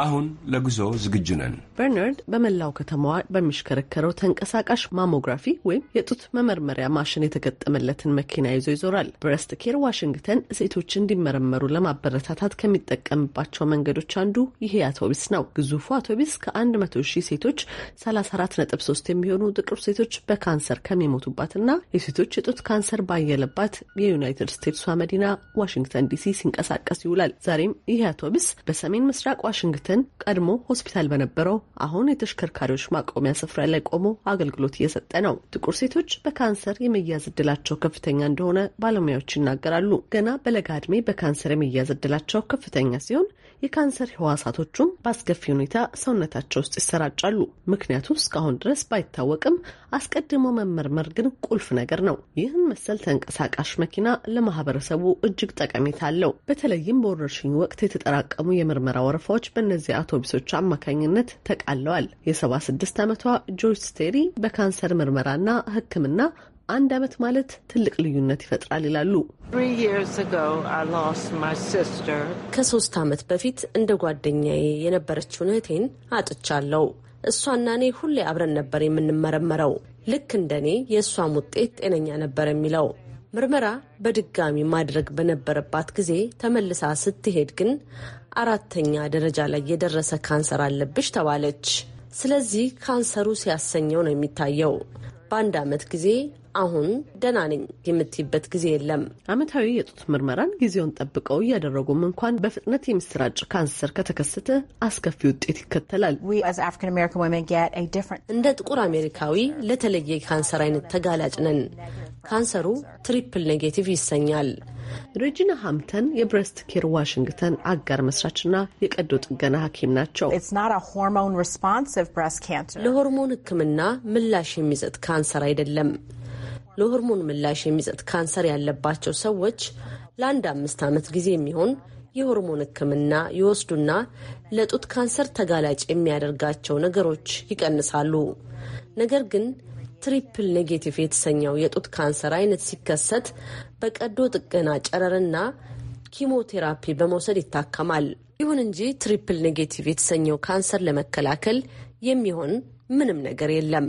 አሁን ለጉዞ ዝግጁ ነን። በርናርድ በመላው ከተማዋ በሚሽከረከረው ተንቀሳቃሽ ማሞግራፊ ወይም የጡት መመርመሪያ ማሽን የተገጠመለትን መኪና ይዞ ይዞራል። ብረስት ኬር ዋሽንግተን ሴቶች እንዲመረመሩ ለማበረታታት ከሚጠቀምባቸው መንገዶች አንዱ ይሄ አውቶቢስ ነው። ግዙፉ አውቶቢስ ከ100 ሺህ ሴቶች 34.3 የሚሆኑ ጥቁር ሴቶች በካንሰር ከሚሞቱባትና የሴቶች የጡት ካንሰር ባየለባት የዩናይትድ ስቴትሷ መዲና ዋሽንግተን ዲሲ ሲንቀሳቀስ ይውላል። ዛሬም ይህ አውቶቢስ በሰሜን ምስራቅ ዋሽንግተን ጭነትን ቀድሞ ሆስፒታል በነበረው አሁን የተሽከርካሪዎች ማቆሚያ ስፍራ ላይ ቆሞ አገልግሎት እየሰጠ ነው። ጥቁር ሴቶች በካንሰር የመያዝ እድላቸው ከፍተኛ እንደሆነ ባለሙያዎች ይናገራሉ። ገና በለጋ በካንሰር የመያዝ እድላቸው ከፍተኛ ሲሆን የካንሰር ህዋሳቶቹም በአስከፊ ሁኔታ ሰውነታቸው ውስጥ ይሰራጫሉ። ምክንያቱ እስካሁን ድረስ ባይታወቅም አስቀድሞ መመርመር ግን ቁልፍ ነገር ነው። ይህን መሰል ተንቀሳቃሽ መኪና ለማህበረሰቡ እጅግ ጠቀሜታ አለው። በተለይም በወረርሽኝ ወቅት የተጠራቀሙ የምርመራ ወረፋዎች በእነዚህ አውቶቡሶች አማካኝነት ተቃለዋል። የ76 ዓመቷ ጆርጅ ስቴሪ በካንሰር ምርመራና ህክምና አንድ ዓመት ማለት ትልቅ ልዩነት ይፈጥራል ይላሉ። ከሶስት ዓመት በፊት እንደ ጓደኛዬ የነበረችውን እህቴን አጥቻለሁ። እሷና እኔ ሁሌ አብረን ነበር የምንመረመረው። ልክ እንደ እኔ የእሷም ውጤት ጤነኛ ነበር የሚለው ምርመራ በድጋሚ ማድረግ በነበረባት ጊዜ ተመልሳ ስትሄድ ግን አራተኛ ደረጃ ላይ የደረሰ ካንሰር አለብሽ ተባለች። ስለዚህ ካንሰሩ ሲያሰኘው ነው የሚታየው። በአንድ ዓመት ጊዜ አሁን ደህና ነኝ የምትይበት ጊዜ የለም። አመታዊ የጡት ምርመራን ጊዜውን ጠብቀው እያደረጉም እንኳን በፍጥነት የሚሰራጭ ካንሰር ከተከሰተ አስከፊ ውጤት ይከተላል። እንደ ጥቁር አሜሪካዊ ለተለየ ካንሰር አይነት ተጋላጭ ነን። ካንሰሩ ትሪፕል ኔጌቲቭ ይሰኛል። ሬጂና ሃምተን የብረስት ኬር ዋሽንግተን አጋር መስራችና የቀዶ ጥገና ሐኪም ናቸው። ለሆርሞን ሕክምና ምላሽ የሚሰጥ ካንሰር አይደለም። ለሆርሞን ምላሽ የሚሰጥ ካንሰር ያለባቸው ሰዎች ለአንድ አምስት ዓመት ጊዜ የሚሆን የሆርሞን ሕክምና ይወስዱና ለጡት ካንሰር ተጋላጭ የሚያደርጋቸው ነገሮች ይቀንሳሉ። ነገር ግን ትሪፕል ኔጌቲቭ የተሰኘው የጡት ካንሰር አይነት ሲከሰት በቀዶ ጥገና ጨረርና ኪሞቴራፒ በመውሰድ ይታከማል። ይሁን እንጂ ትሪፕል ኔጌቲቭ የተሰኘው ካንሰር ለመከላከል የሚሆን ምንም ነገር የለም።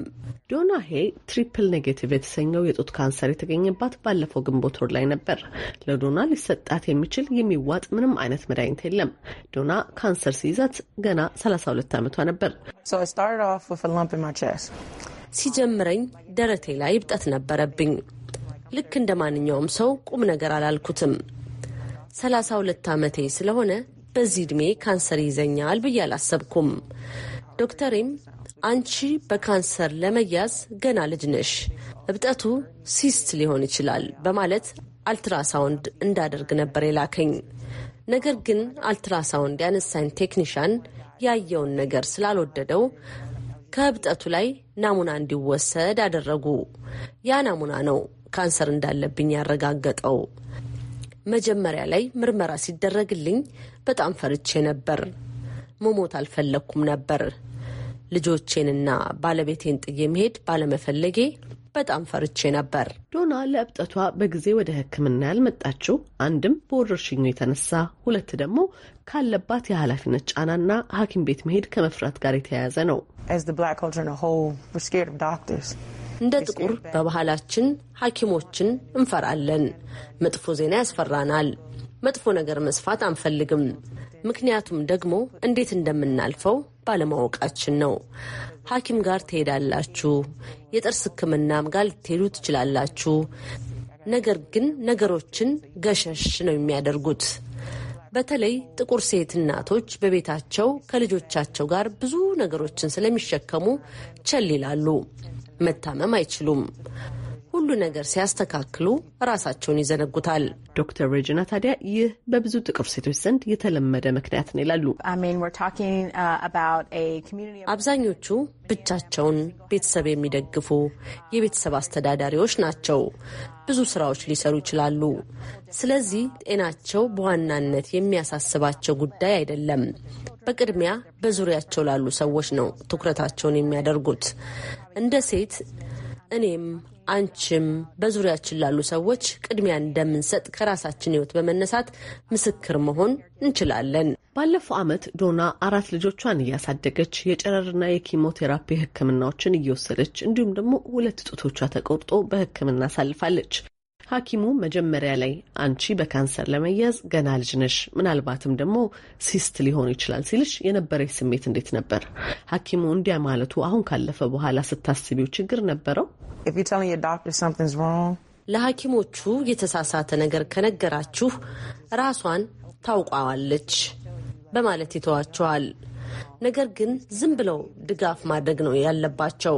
ዶና ሄ ትሪፕል ኔጌቲቭ የተሰኘው የጡት ካንሰር የተገኘባት ባለፈው ግንቦት ወር ላይ ነበር። ለዶና ሊሰጣት የሚችል የሚዋጥ ምንም አይነት መድኃኒት የለም። ዶና ካንሰር ሲይዛት ገና 32 ዓመቷ ነበር። ሲጀምረኝ ደረቴ ላይ እብጠት ነበረብኝ። ልክ እንደ ማንኛውም ሰው ቁም ነገር አላልኩትም። ሰላሳ ሁለት ዓመቴ ስለሆነ በዚህ ዕድሜ ካንሰር ይዘኛል ብዬ አላሰብኩም። ዶክተሬም አንቺ በካንሰር ለመያዝ ገና ልጅ ነሽ፣ እብጠቱ ሲስት ሊሆን ይችላል በማለት አልትራሳውንድ እንዳደርግ ነበር የላከኝ። ነገር ግን አልትራሳውንድ ያነሳኝ ቴክኒሽያን ያየውን ነገር ስላልወደደው ከእብጠቱ ላይ ናሙና እንዲወሰድ አደረጉ። ያ ናሙና ነው ካንሰር እንዳለብኝ ያረጋገጠው። መጀመሪያ ላይ ምርመራ ሲደረግልኝ በጣም ፈርቼ ነበር። መሞት አልፈለግኩም ነበር። ልጆቼንና ባለቤቴን ጥዬ መሄድ ባለመፈለጌ በጣም ፈርቼ ነበር። ዶና ለእብጠቷ በጊዜ ወደ ሕክምና ያልመጣችው አንድም በወረርሽኙ የተነሳ ሁለት ደግሞ ካለባት የኃላፊነት ጫናና ሐኪም ቤት መሄድ ከመፍራት ጋር የተያያዘ ነው። እንደ ጥቁር በባህላችን ሐኪሞችን እንፈራለን። መጥፎ ዜና ያስፈራናል። መጥፎ ነገር መስፋት አንፈልግም። ምክንያቱም ደግሞ እንዴት እንደምናልፈው ባለማወቃችን ነው። ሐኪም ጋር ትሄዳላችሁ፣ የጥርስ ሕክምናም ጋር ልትሄዱ ትችላላችሁ። ነገር ግን ነገሮችን ገሸሽ ነው የሚያደርጉት። በተለይ ጥቁር ሴት እናቶች በቤታቸው ከልጆቻቸው ጋር ብዙ ነገሮችን ስለሚሸከሙ ቸል ይላሉ። መታመም አይችሉም። ሁሉ ነገር ሲያስተካክሉ ራሳቸውን ይዘነጉታል። ዶክተር ሬጅና ታዲያ ይህ በብዙ ጥቁር ሴቶች ዘንድ የተለመደ ምክንያት ነው ይላሉ። uh, አብዛኞቹ ብቻቸውን ቤተሰብ የሚደግፉ የቤተሰብ አስተዳዳሪዎች ናቸው። ብዙ ስራዎች ሊሰሩ ይችላሉ። ስለዚህ ጤናቸው በዋናነት የሚያሳስባቸው ጉዳይ አይደለም። በቅድሚያ በዙሪያቸው ላሉ ሰዎች ነው ትኩረታቸውን የሚያደርጉት። እንደ ሴት እኔም አንቺም በዙሪያችን ላሉ ሰዎች ቅድሚያ እንደምንሰጥ ከራሳችን ህይወት በመነሳት ምስክር መሆን እንችላለን። ባለፈው ዓመት ዶና አራት ልጆቿን እያሳደገች የጨረርና የኪሞቴራፒ ህክምናዎችን እየወሰደች እንዲሁም ደግሞ ሁለት ጡቶቿ ተቆርጦ በህክምና አሳልፋለች። ሐኪሙ መጀመሪያ ላይ አንቺ በካንሰር ለመያዝ ገና ልጅ ነሽ፣ ምናልባትም ደግሞ ሲስት ሊሆን ይችላል ሲልሽ የነበረች ስሜት እንዴት ነበር? ሐኪሙ እንዲያ ማለቱ አሁን ካለፈ በኋላ ስታስቢው ችግር ነበረው? ለሐኪሞቹ የተሳሳተ ነገር ከነገራችሁ ራሷን ታውቋዋለች በማለት ይተዋቸዋል። ነገር ግን ዝም ብለው ድጋፍ ማድረግ ነው ያለባቸው።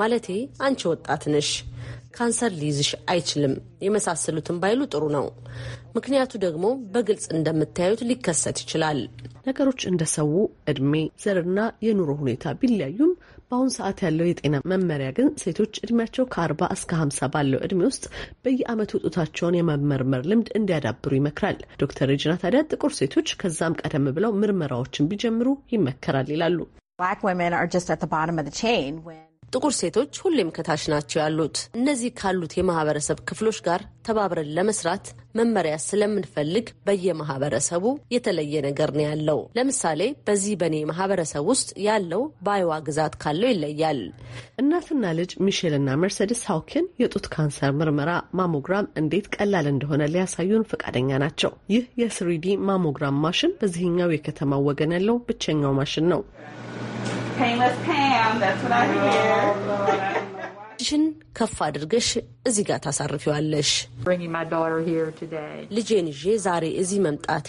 ማለቴ አንቺ ወጣት ነሽ ካንሰር ሊይዝሽ አይችልም የመሳሰሉትን ባይሉ ጥሩ ነው። ምክንያቱ ደግሞ በግልጽ እንደምታዩት ሊከሰት ይችላል። ነገሮች እንደ ሰው እድሜ፣ ዘርና የኑሮ ሁኔታ ቢለያዩም በአሁኑ ሰዓት ያለው የጤና መመሪያ ግን ሴቶች እድሜያቸው ከአርባ እስከ ሀምሳ ባለው እድሜ ውስጥ በየአመቱ ጡታቸውን የመመርመር ልምድ እንዲያዳብሩ ይመክራል። ዶክተር ሬጅና ታዲያ ጥቁር ሴቶች ከዛም ቀደም ብለው ምርመራዎችን ቢጀምሩ ይመከራል ይላሉ። Black women are just at the bottom of the chain when ጥቁር ሴቶች ሁሌም ከታች ናቸው ያሉት። እነዚህ ካሉት የማህበረሰብ ክፍሎች ጋር ተባብረን ለመስራት መመሪያ ስለምንፈልግ በየማህበረሰቡ የተለየ ነገር ነው ያለው። ለምሳሌ በዚህ በእኔ ማህበረሰብ ውስጥ ያለው በአይዋ ግዛት ካለው ይለያል። እናትና ልጅ ሚሼልና መርሴዲስ ሀውኪን የጡት ካንሰር ምርመራ ማሞግራም እንዴት ቀላል እንደሆነ ሊያሳዩን ፈቃደኛ ናቸው። ይህ የስሪዲ ማሞግራም ማሽን በዚህኛው የከተማው ወገን ያለው ብቸኛው ማሽን ነው። Painless Pam, that's what I hear. ሽን ከፍ አድርገሽ እዚህ ጋር ታሳርፊዋለሽ። ልጄን ይዤ ዛሬ እዚህ መምጣቴ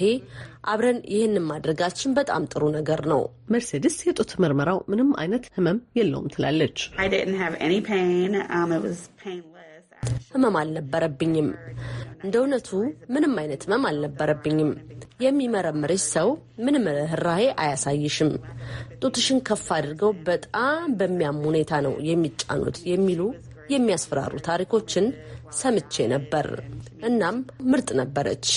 አብረን ይህንን ማድረጋችን በጣም ጥሩ ነገር ነው። መርሴድስ የጡት ምርመራው ምንም አይነት ህመም የለውም ትላለች። ህመም አልነበረብኝም። እንደ እውነቱ ምንም አይነት ህመም አልነበረብኝም። የሚመረምርሽ ሰው ምንም ርኅራሄ አያሳይሽም። ጡትሽን ከፍ አድርገው በጣም በሚያም ሁኔታ ነው የሚጫኑት የሚሉ የሚያስፈራሩ ታሪኮችን ሰምቼ ነበር። እናም ምርጥ ነበረች።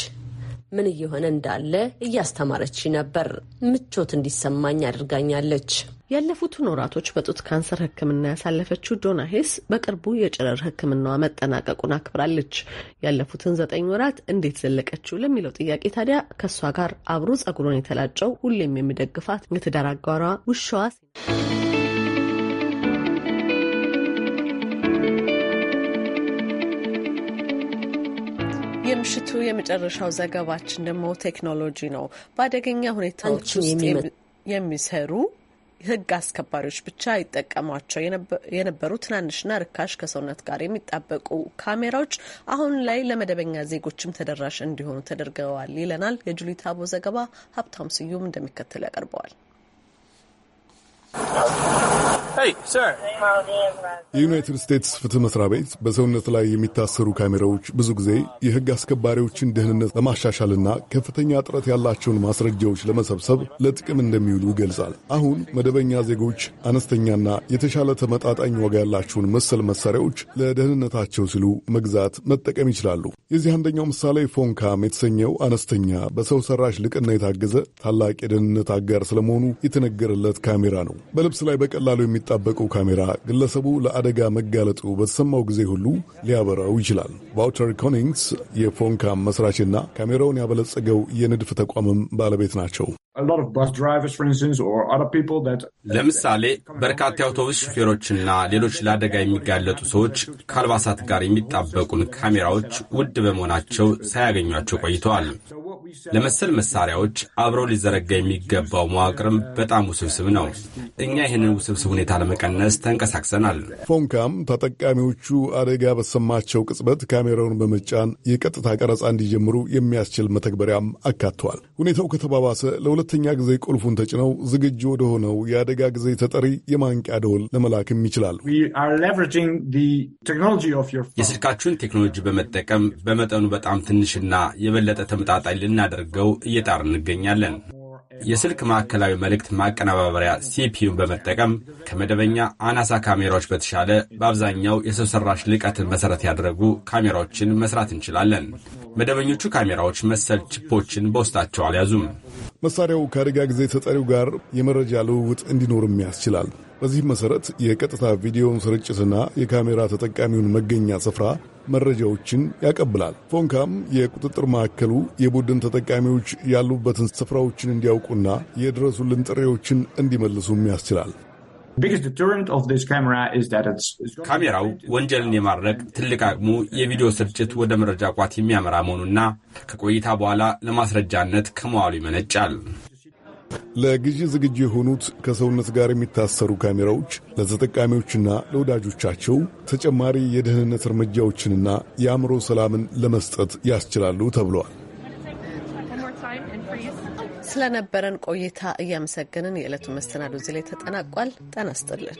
ምን እየሆነ እንዳለ እያስተማረች ነበር። ምቾት እንዲሰማኝ አድርጋኛለች። ያለፉትን ወራቶች በጡት ካንሰር ሕክምና ያሳለፈችው ዶና ሄስ በቅርቡ የጨረር ሕክምናዋ መጠናቀቁን አክብራለች። ያለፉትን ዘጠኝ ወራት እንዴት ዘለቀችው ለሚለው ጥያቄ ታዲያ ከእሷ ጋር አብሮ ጸጉሩን የተላጨው ሁሌም የሚደግፋት የትዳር አጋሯ ውሻዋ የምሽቱ የመጨረሻው ዘገባችን ደግሞ ቴክኖሎጂ ነው። በአደገኛ ሁኔታዎች ውስጥ የሚሰሩ ህግ አስከባሪዎች ብቻ ይጠቀሟቸው የነበሩ ትናንሽና ርካሽ ከሰውነት ጋር የሚጣበቁ ካሜራዎች አሁን ላይ ለመደበኛ ዜጎችም ተደራሽ እንዲሆኑ ተደርገዋል ይለናል የጁሊታቦ ዘገባ። ሀብታም ስዩም እንደሚከተሉ ያቀርበዋል። የዩናይትድ ስቴትስ ፍትህ መስሪያ ቤት በሰውነት ላይ የሚታሰሩ ካሜራዎች ብዙ ጊዜ የህግ አስከባሪዎችን ደህንነት ለማሻሻልና ከፍተኛ ጥረት ያላቸውን ማስረጃዎች ለመሰብሰብ ለጥቅም እንደሚውሉ ይገልጻል። አሁን መደበኛ ዜጎች አነስተኛና የተሻለ ተመጣጣኝ ዋጋ ያላቸውን መሰል መሳሪያዎች ለደህንነታቸው ሲሉ መግዛት፣ መጠቀም ይችላሉ። የዚህ አንደኛው ምሳሌ ፎንካም የተሰኘው አነስተኛ በሰው ሰራሽ ልቅና የታገዘ ታላቅ የደህንነት አጋር ስለመሆኑ የተነገረለት ካሜራ ነው። ይመስለኛል። በልብስ ላይ በቀላሉ የሚጣበቀው ካሜራ ግለሰቡ ለአደጋ መጋለጡ በተሰማው ጊዜ ሁሉ ሊያበራው ይችላል። ቫውተር ኮኒንግስ የፎንካም መስራችና ካሜራውን ያበለጸገው የንድፍ ተቋምም ባለቤት ናቸው። ለምሳሌ በርካታ የአውቶቡስ ሹፌሮችና ሌሎች ለአደጋ የሚጋለጡ ሰዎች ከአልባሳት ጋር የሚጣበቁን ካሜራዎች ውድ በመሆናቸው ሳያገኟቸው ቆይተዋል። ለመሰል መሳሪያዎች አብሮ ሊዘረጋ የሚገባው መዋቅርም በጣም ውስብስብ ነው። እኛ ይህንን ውስብስብ ሁኔታ ለመቀነስ ተንቀሳቅሰናል። ፎንካም ተጠቃሚዎቹ አደጋ በሰማቸው ቅጽበት ካሜራውን በመጫን የቀጥታ ቀረጻ እንዲጀምሩ የሚያስችል መተግበሪያም አካተዋል። ሁኔታው ከተባባሰ ለሁለተኛ ጊዜ ቁልፉን ተጭነው ዝግጁ ወደሆነው የአደጋ ጊዜ ተጠሪ የማንቂያ ደወል ለመላክም ይችላሉ። የስልካችሁን ቴክኖሎጂ በመጠቀም በመጠኑ በጣም ትንሽና የበለጠ ተመጣጣኝ ልናደርገው እየጣር እንገኛለን። የስልክ ማዕከላዊ መልእክት ማቀነባበሪያ ሲፒዩን በመጠቀም ከመደበኛ አናሳ ካሜራዎች በተሻለ በአብዛኛው የሰው ሰራሽ ልቀትን መሠረት ያደረጉ ካሜራዎችን መስራት እንችላለን። መደበኞቹ ካሜራዎች መሰል ችፖችን በውስጣቸው አልያዙም። መሳሪያው ከአደጋ ጊዜ ተጠሪው ጋር የመረጃ ልውውጥ እንዲኖርም ያስችላል። በዚህ መሠረት የቀጥታ ቪዲዮውን ስርጭትና የካሜራ ተጠቃሚውን መገኛ ስፍራ መረጃዎችን ያቀብላል። ፎንካም የቁጥጥር ማዕከሉ የቡድን ተጠቃሚዎች ያሉበትን ስፍራዎችን እንዲያውቁና የድረሱልን ጥሪዎችን እንዲመልሱም ያስችላል። ካሜራው ወንጀልን የማድረግ ትልቅ አቅሙ የቪዲዮ ስርጭት ወደ መረጃ ቋት የሚያመራ መሆኑና ከቆይታ በኋላ ለማስረጃነት ከመዋሉ ይመነጫል። ለግዢ ዝግጁ የሆኑት ከሰውነት ጋር የሚታሰሩ ካሜራዎች ለተጠቃሚዎችና ለወዳጆቻቸው ተጨማሪ የደህንነት እርምጃዎችንና የአእምሮ ሰላምን ለመስጠት ያስችላሉ ተብለዋል። ስለነበረን ቆይታ እያመሰገንን የዕለቱ መሰናዶ እዚህ ላይ ተጠናቋል። ጤና ይስጥልን።